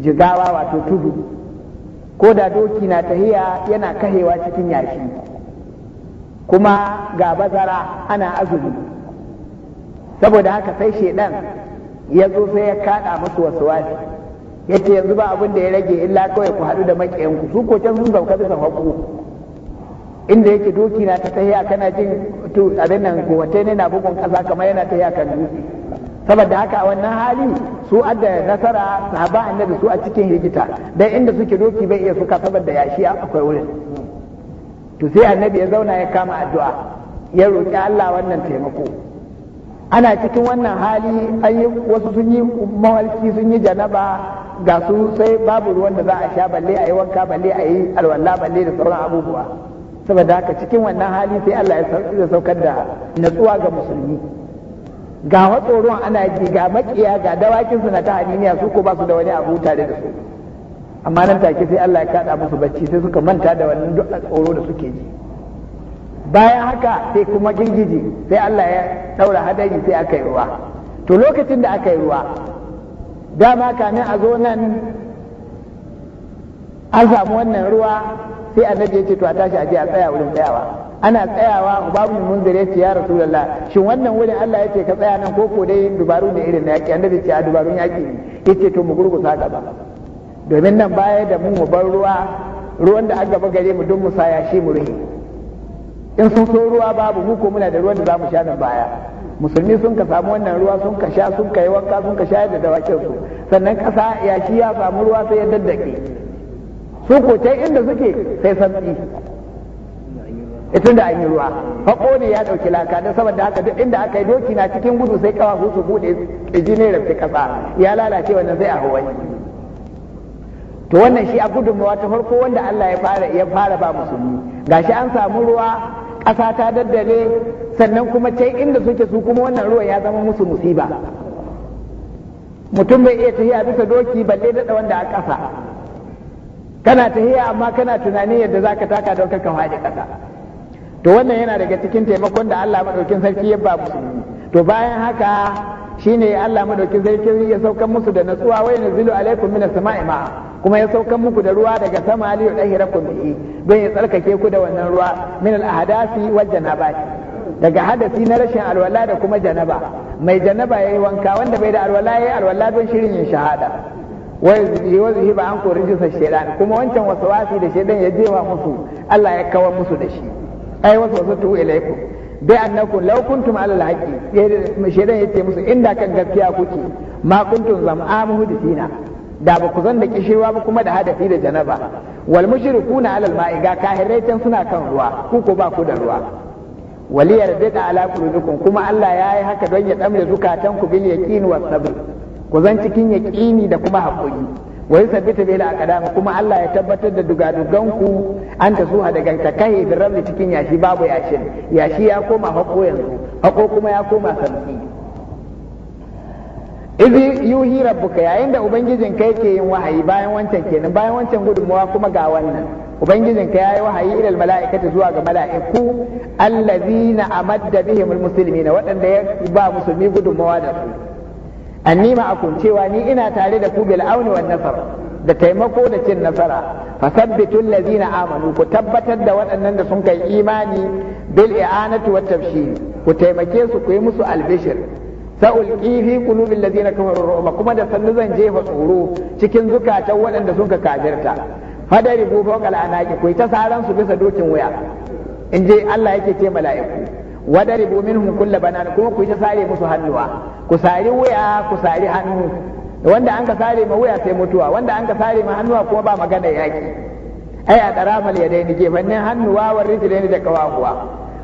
jigawa wato tudu ko da doki na tahiya yana kahewa cikin yashi kuma ga bazara ana azumi saboda haka sai shedan ya zo sai ya kada musu wasu wasi yace yanzu ba abin da ya rage illa kawai ku haɗu da maƙiyanku su ko can sun zauka bisa haƙo inda yake doki na ta tahiya kana jin abin nan kowace ne na bugun ƙasa kamar yana tahiya kan dutse saboda haka a wannan hali su adda nasara sahaba annabi su a cikin rigita dan inda suke doki bai iya suka saboda yashi akwai wurin to sai annabi ya zauna ya kama addu'a ya roki Allah wannan taimako ana cikin wannan hali an yi wasu sun yi mawalki sun yi janaba ga su sai babu ruwan da za a sha balle a yi wanka balle a yi alwala balle da sauran abubuwa saboda haka cikin wannan hali sai Allah ya saukar da natsuwa ga musulmi ga watsoron ana ji ga makiya ga dawakin suna na ta aminiya su ko ba su da wani abu tare da su amma nan take sai Allah ya kada musu bacci sai suka manta da wannan duk tsoro da suke ji bayan haka sai kuma gingiji sai Allah ya daura hadari sai aka yi ruwa to lokacin da aka yi ruwa dama kamin a zo nan an samu wannan ruwa sai annabi ya ce to a tashi a je a tsaya wurin tsayawa ana tsayawa babu munzir ya ce ya rasulullah shin wannan wurin Allah ya ce ka tsaya nan ko ko dai dubaru ne irin na yaki annabi ce a dubarun yaki ne yace to mu gurgusa gaba domin nan baya da mu bar ruwa ruwan da aka gaba gare mu duk mu saya shi mu rufe in sun so ruwa babu mu ko muna da ruwan da za mu sha nan baya musulmi sun ka samu wannan ruwa sun ka sha sun ka wanka sun ka sha da dawakin su sannan kasa yashi ya samu ruwa sai ya daddake su ko inda suke sai santsi itun eh, da an yi ruwa faƙo ne ya ɗauki laka don saboda haka duk inda aka yi doki na cikin gudu sai kawa su buɗe ƙiji ne rafi ƙasa ya lalace wannan zai a hawaii to wannan shi a gudunmawa ta farko wanda Allah ya fara ya fara ba musulmi gashi an samu ruwa ƙasa ta daddare sannan kuma can inda suke su kuma wannan ruwan ya zama musu musiba mutum bai iya tafiya bisa doki balle daɗa wanda a ƙasa kana tafiya amma kana tunanin yadda zaka taka don ka faɗi ƙasa to wannan yana daga cikin taimakon da Allah madaukin sarki ya ba musulmi to bayan haka shine Allah madaukin sarki ya saukan musu da natsuwa wa yanzilu alaikum minas sama'i ma kuma ya saukan muku da ruwa daga sama aliyu dahirakum bi don ya tsarkake ku da wannan ruwa min al ahdasi wal janabati daga hadasi na rashin alwala da kuma janaba mai janaba yayi wanka wanda bai da alwala yayi alwala don shirin yin shahada wai ba an korin jisa shaidan kuma wancan wasawasi da shaidan ya jewa musu Allah ya kawar musu da shi ai wasu wasu tu ilaiku, bi annakum law kuntum ala alhaqi shedan yace musu inda kan gaskiya kuke ma kuntum zam'a muhdithina da ba ku zan da kishewa ba kuma da hadafi da janaba wal na ala alma'i ga kahiraitan suna kan ruwa ku ko ba ku da ruwa waliyar bida ala qulubikum kuma Allah ya yi haka don ya damle zukatan ku bil yaqin was sabr ku zan cikin yaqini da kuma hakuri wai sabita bai al-aqdam kuma Allah ya tabbatar da dugadugan ku an ta suha daga kai da rabbi cikin yashi babu yashin yashi ya koma hako yanzu hako kuma ya koma santi idh yuhi rabbuka yayin da ubangijin kai ke yin wahayi bayan wancan kenan bayan wancan gudunmuwa kuma ga wannan ubangijin ka yayi wahayi ilal mala'ikata zuwa ga mala'iku allazina amadda bihim almuslimina wadanda ya ba musulmi gudunmuwa da su anni ma'akum cewa ni ina tare da ku bil auni wan nasar da taimako da cin nasara fasabbitul ladina amanu ku tabbatar da waɗannan da sun kai imani bil i'anati wat tabshir ku taimake su ku yi musu albishir sa'ulqi fi qulubil ladina kafaru ru'ba kuma da sannu zan jefa tsoro cikin zukatan waɗanda sun ka kafirta fadari bu fawqa al'anaqi ku ta saran su bisa dokin waya in je Allah yake ce mala'iku Wadari bomin kulla banan kuma ku ta sare musu hannuwa ku sari wuya ku sari hannu wanda an ka sare ma wuya sai mutuwa wanda an ka sare ma hannuwa kuma ba magana yaki ai a darafal yadaini fanni hannuwa rijil ne da kawahuwa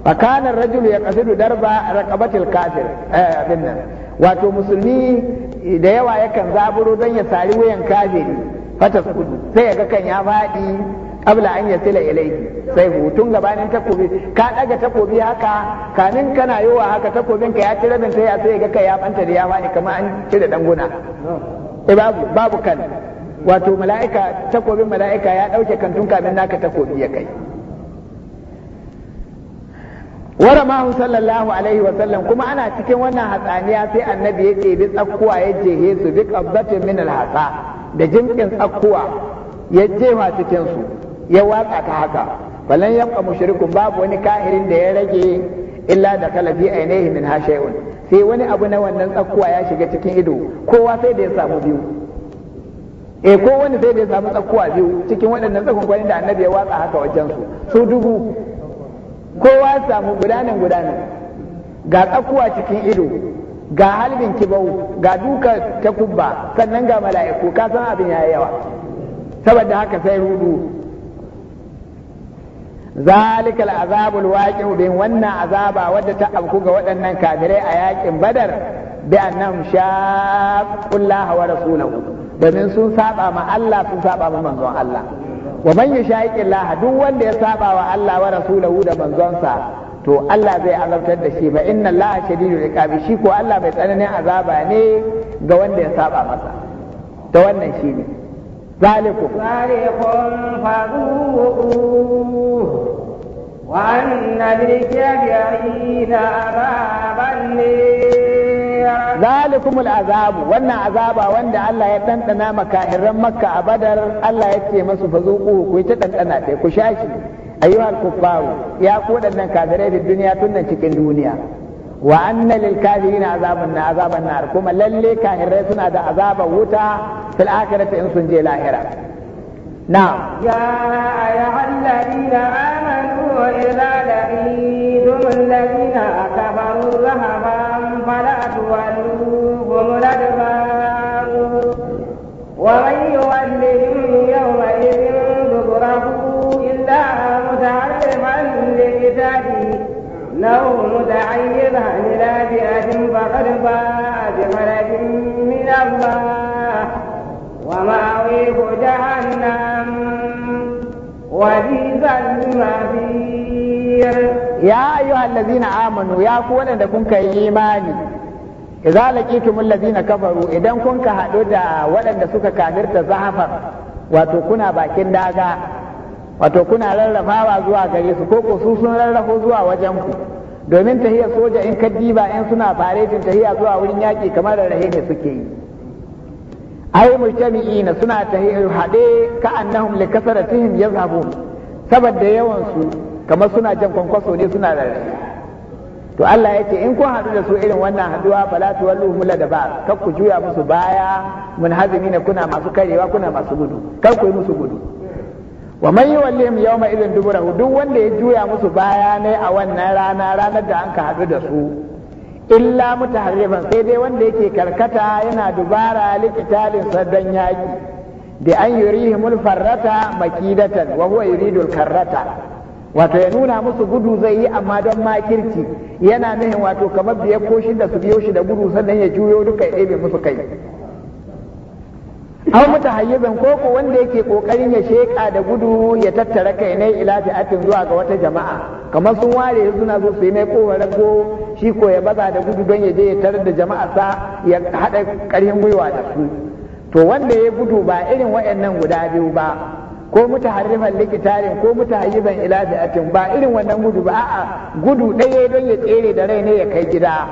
fa kana rajul ya qasidu darba raqabatil kafir eh abinna wato musulmi da yawa yakan zaburo don ya sari wuyan kafiri fata sai ya ga kan ya fadi. Abla an sila ilayhi sai hutun gabanin takobi ka daga takobi haka kanin kana yowa haka takobin ka ya ci rabin sai ya sai ga kai ya banta da ya wani kamar an cire danguna eh babu babu kan wato mala'ika takobin mala'ika ya dauke kantun kamin naka takobi ya kai waramahu sallallahu alaihi wa sallam kuma ana cikin wannan hatsaniya sai annabi ya ɗebi tsakkuwa ya jehe su bi qabdatin min alhasa da jimkin tsakkuwa ya jefa cikin su ya watsa ta haka falan yabqa mushrikun babu wani kahirin da ya rage illa da kalabi ainihi min hashayun sai wani abu na wannan tsakkuwa ya shiga cikin ido kowa sai da ya samu biyu e ko wani sai da ya samu tsakkuwa biyu cikin waɗannan tsakon kwanin da annabi ya watsa haka wajen su su dubu kowa ya samu gudanan gudanan ga tsakkuwa cikin ido ga halbin kibau ga duka ta kubba sannan ga mala'iku ka san abin yayi yawa saboda haka sai rudu zalikal azabul waqi'u in wannan azaba wadda ta afku ga waɗannan kafirai a yakin badar bi annahum shaqqullaha wa rasulahu domin sun saba ma Allah sun saba ma manzon Allah wa man yashaqillaha duk wanda ya saba wa Allah wa rasulahu da manzonsa to Allah zai azabtar da shi ba inna Allah shadidul iqabi shi ko Allah bai tsananin azaba ne ga wanda ya saba masa ta wannan ne. ذلكم ذلكم فذوقوه وأن للكافرين عذاب ذلكم العذاب وأن عذابا وأن الله يتنتنا مكاهر مكة أبدر الله يتي مسو فذوقوه كويتا تنتنا كشاشي أيها الكفار يا قول أن كافرين في الدنيا تنن cikin duniya wa anna lil kafirin azabun na azaban nar kuma lalle kafirai suna da azaban wuta fil akhirati in sun je lahira na ya ayyuhalladhina amanu idza laqitum alladhina kafaru rahaban fala tuwalluhum adbar wa man yuwallihim yawma idhin dubrahu illa muta'alliman li kitabihi له متعيرا إلى فئة فقد باء بغلب من الله ومأويه جهنم وبئس المصير يا أيها الذين آمنوا يا كون كنت إيماني idza laqitum allazina kafaru idan kun ka hadu da waɗanda suka kafirta zahafar wato kuna bakin daga wato kuna rarrafawa zuwa gare su ko ko su sun rarrafo zuwa wajen ku domin tahiyar soja in ka diba in suna faretin tahiya zuwa wurin yaƙi kamar da rahe ne suke yi ai mujtami'ina suna tahiyar haɗe ka annahum li kasaratihim yazhabu saboda yawan su kamar suna jan kwankwaso ne suna rarrafe to Allah ya ce in kun haɗu da su irin wannan haɗuwa fala tuwallu hula da ba kar ku juya musu baya mun ne kuna masu karewa kuna masu gudu kar ku yi musu gudu wa man yuwallihim yawma idhin duburahu duk wanda ya juya musu baya ne a wannan rana ranar da anka hadu da su illa mutaharrifan sai dai wanda yake karkata yana dubara likitalin sadan yaki da an yurihimul farrata makidatan wa huwa yuridul karrata wato ya nuna musu gudu zai yi amma don makirci yana nuhin wato kamar biyar ko shida su biyo shi da gudu sannan ya juyo duka ya ɗebe musu kai aw mutahayyibin ko ko wanda yake kokarin ya sheka da gudu ya tattara kai ne ila fi'atin zuwa ga wata jama'a kamar sun ware suna zo su yi mai kowarar ko shi ko ya baza da gudu don ya je ya tarar da jama'a sa ya hada karhin gwiwa da su to wanda ya gudu ba irin waannan guda biyu ba ko mutaharrifan likitarin ko mutahayyiban ila fi'atin ba irin wannan gudu ba a'a gudu ɗaya don ya tsere da rai ne ya kai gida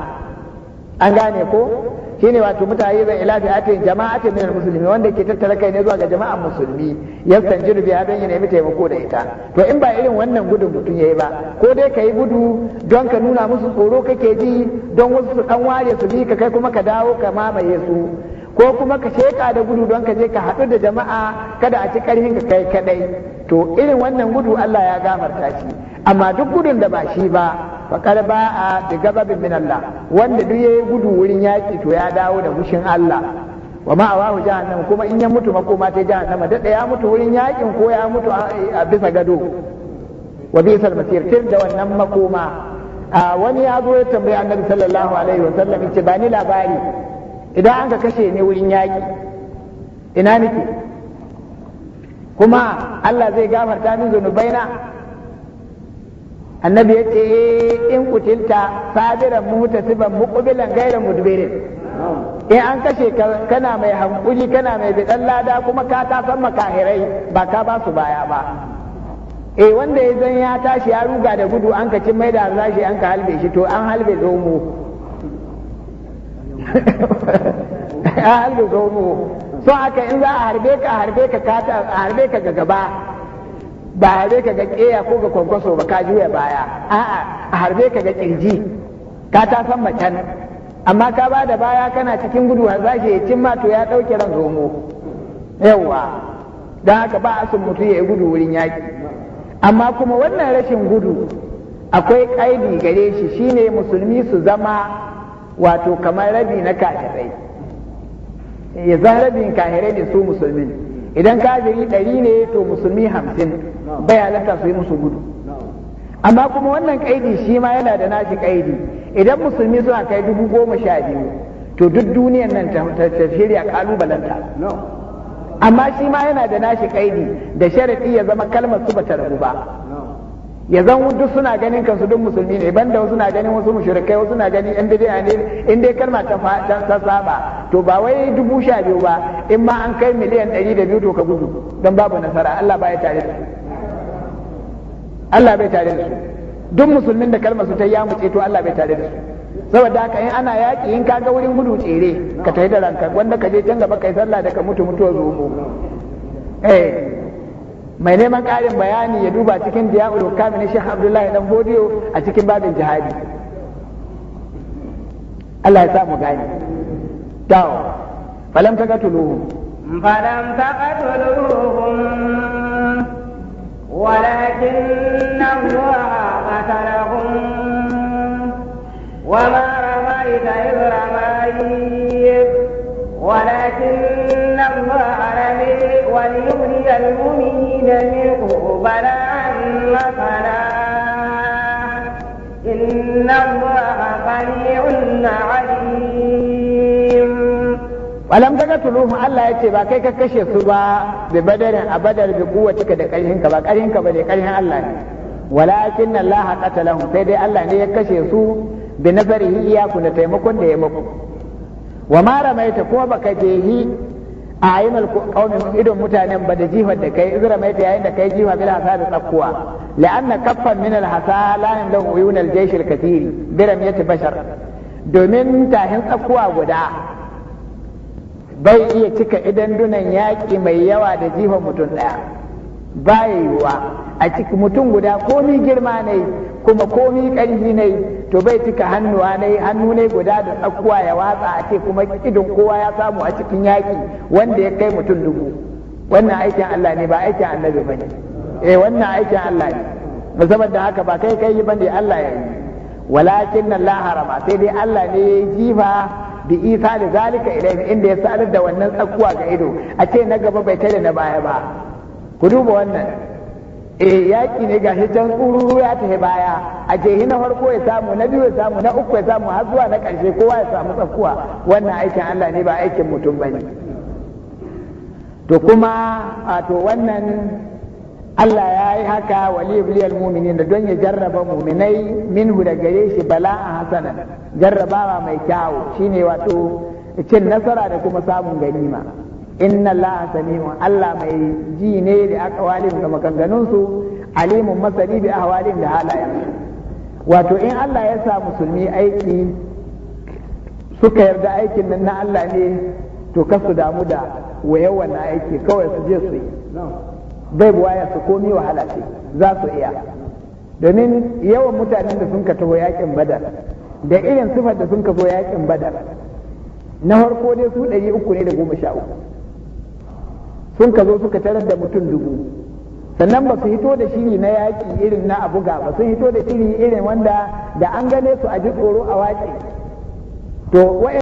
an gane ko shine wato mutane zai ila jama'a jama'atin minal musulmi wanda ke tattara kai ne zuwa ga jama'an musulmi jirbi biya don ya nemi taimako da ita to in ba irin wannan gudun mutum ya yayi ba ko dai ka yi gudu don ka nuna musu tsoro kake ji don wasu su dan ware su bi ka kai kuma ka dawo ka mamaye su ko kuma ka sheka da gudu don ka je ka haɗu da jama'a kada a ci ƙarfin ka kai kaɗai. to irin wannan gudu Allah ya gafarta shi amma duk gudun da ba shi ba faƙar ba a bi gababin min Allah wanda duk yayi gudu wurin yaƙi to ya dawo da mushin Allah wa ma awahu jahannam kuma in ya mutu makoma ta jahannama da ya mutu wurin yaƙin ko ya mutu a bisa gado wa bisa masir tir da wannan makoma wani ya zo ya tambayi annabi sallallahu alaihi wa sallam ce ba ni labari idan an ka kashe ne wurin yaƙi ina nake kuma Allah zai gafarta min na? annabi ya ce eh, in kutilta sabiran siban muqbilan ghayra mudbirin in an kashe kana mai hankuli kana mai bidan lada kuma ka ta san makahirai ba ka ba su baya ba eh wanda ya zan ya tashi ya ruga da gudu an ka cin mai da zashi an ka halbe shi to an halbe mu. ahlu zomo so aka in za a harbe ka harbe ka kata a harbe ka ga gaba ba harbe ka ga keya ko ga kwankwaso ba ka juya baya a'a a harbe ka ga kirji ka ta san macen amma ka ba da baya kana cikin gudu har zashi ya cimma to ya dauke ran zomo yawa don haka ba a sun mutu ya yi gudu wurin yaki amma kuma wannan rashin gudu akwai kaidi gare shi shine musulmi su zama wato kamar rabi na kafirai ya zan rabin kafirai ne su musulmi idan kafiri ɗari ne to musulmi hamsin baya halatta su yi musu gudu amma kuma wannan kaidi shi ma yana da nashi kaidi idan musulmi suna kai dubu goma sha biyu to duk duniyan nan ta shirya kalubalanta amma shi ma yana da nashi kaidi da sharaɗi ya zama kalmar su ba ta rabu ba ya zan duk suna ganin kansu duk musulmi ne banda wasu na ganin wasu mushrikai wasu na ganin yan bidiya ne in dai kalma ta ta saba to ba wai dubu sha biyu ba in ma an kai miliyan ɗari da biyu to ka gudu don babu nasara Allah ba ya tare da su Allah bai tare da su duk musulmin da kalma su ta ya mutse to Allah bai tare da su saboda haka in ana yaƙi in ka ga wurin gudu tsere ka tafi da ranka wanda ka je can gaba kai sallah da ka mutu mutuwa zuwa eh mai neman ƙarin bayani ya duba cikin diya'ul hukami na Sheikh Abdullahi dan Bodiyo a cikin babin jihadi Allah ya sa mu gani tawo falam taqatuluhum falam taqatuluhum walakin Allah qatalahum wa ma ramaita idh ramayit walakin يريد المؤمنين منه بلاء وفلاح إن الله سميع عليم ولم تقتلوهم الله يتي با كي ككشي سبا ببدر أبدر بقوتك دا كرهنك با كرهنك با دي كرهن الله ولكن الله قتلهم سيدي الله ne ya kashe su bi nafarihi iyaku da taimakon da ya muku wa ma ramaita ko baka jehi a ayyunar kaumin idon mutanen ba da jihar da kai izra mai ta yayin da kai jiha bil hasa da tsakkuwa la'anna kaffan min al hasa la yamdahu uyun al jaysh biram bashar domin tahin tsakkuwa guda bai iya cika idan dunan yaƙi mai yawa da jihar mutum ɗaya baya yiwuwa a cikin mutum guda komi girma ne kuma komi ƙarfi ne to bai cika hannuwa ne hannu ne guda da tsakuwa ya watsa a ce kuma idon kowa ya samu a cikin yaƙi wanda ya kai mutum dubu wannan aikin Allah ne ba aikin annabi ba ne eh wannan aikin Allah ne saboda haka ba kai kai ba ne Allah ya yi walakin Allah harama sai dai Allah ne ya yi jifa bi isa da zalika ilaihi inda ya sanar da wannan tsakuwa ga ido a ce na gaba bai tare na baya ba ku duba wannan eh yaki ne gashi can tsururu ya tafi baya a jehi na farko ya samu na biyu ya samu na uku ya samu har zuwa na ƙarshe kowa ya samu tsakuwa wannan aikin Allah ne ba aikin mutum bane to kuma a to wannan Allah ya yi haka wali ibliyal muminin da don ya jarraba muminai min da gare shi Bala a hasanan jarrabawa mai kyawu shine wato cin nasara da kuma samun ganima inna Allah sami'un Allah mai ji ne da aqwalihim da maganganun su alimun masani bi ahwalin da halayen wato in Allah ya sa musulmi aiki suka yarda aikin nan na Allah ne to kasu damu da waye na aiki kawai su je su yi bai buwaya su komi wahala ce za su iya domin yawan mutanen da sun ka taho yakin badar da irin sifar da sun ka zo yakin badar na farko dai su ɗari uku ne da goma sha uku sun ka zo suka tarar da mutum dubu sannan ba su hito da shiri na yaƙi irin na abuga ba sun hito da shiri irin wanda da an gane su a ji tsoro a waƙe to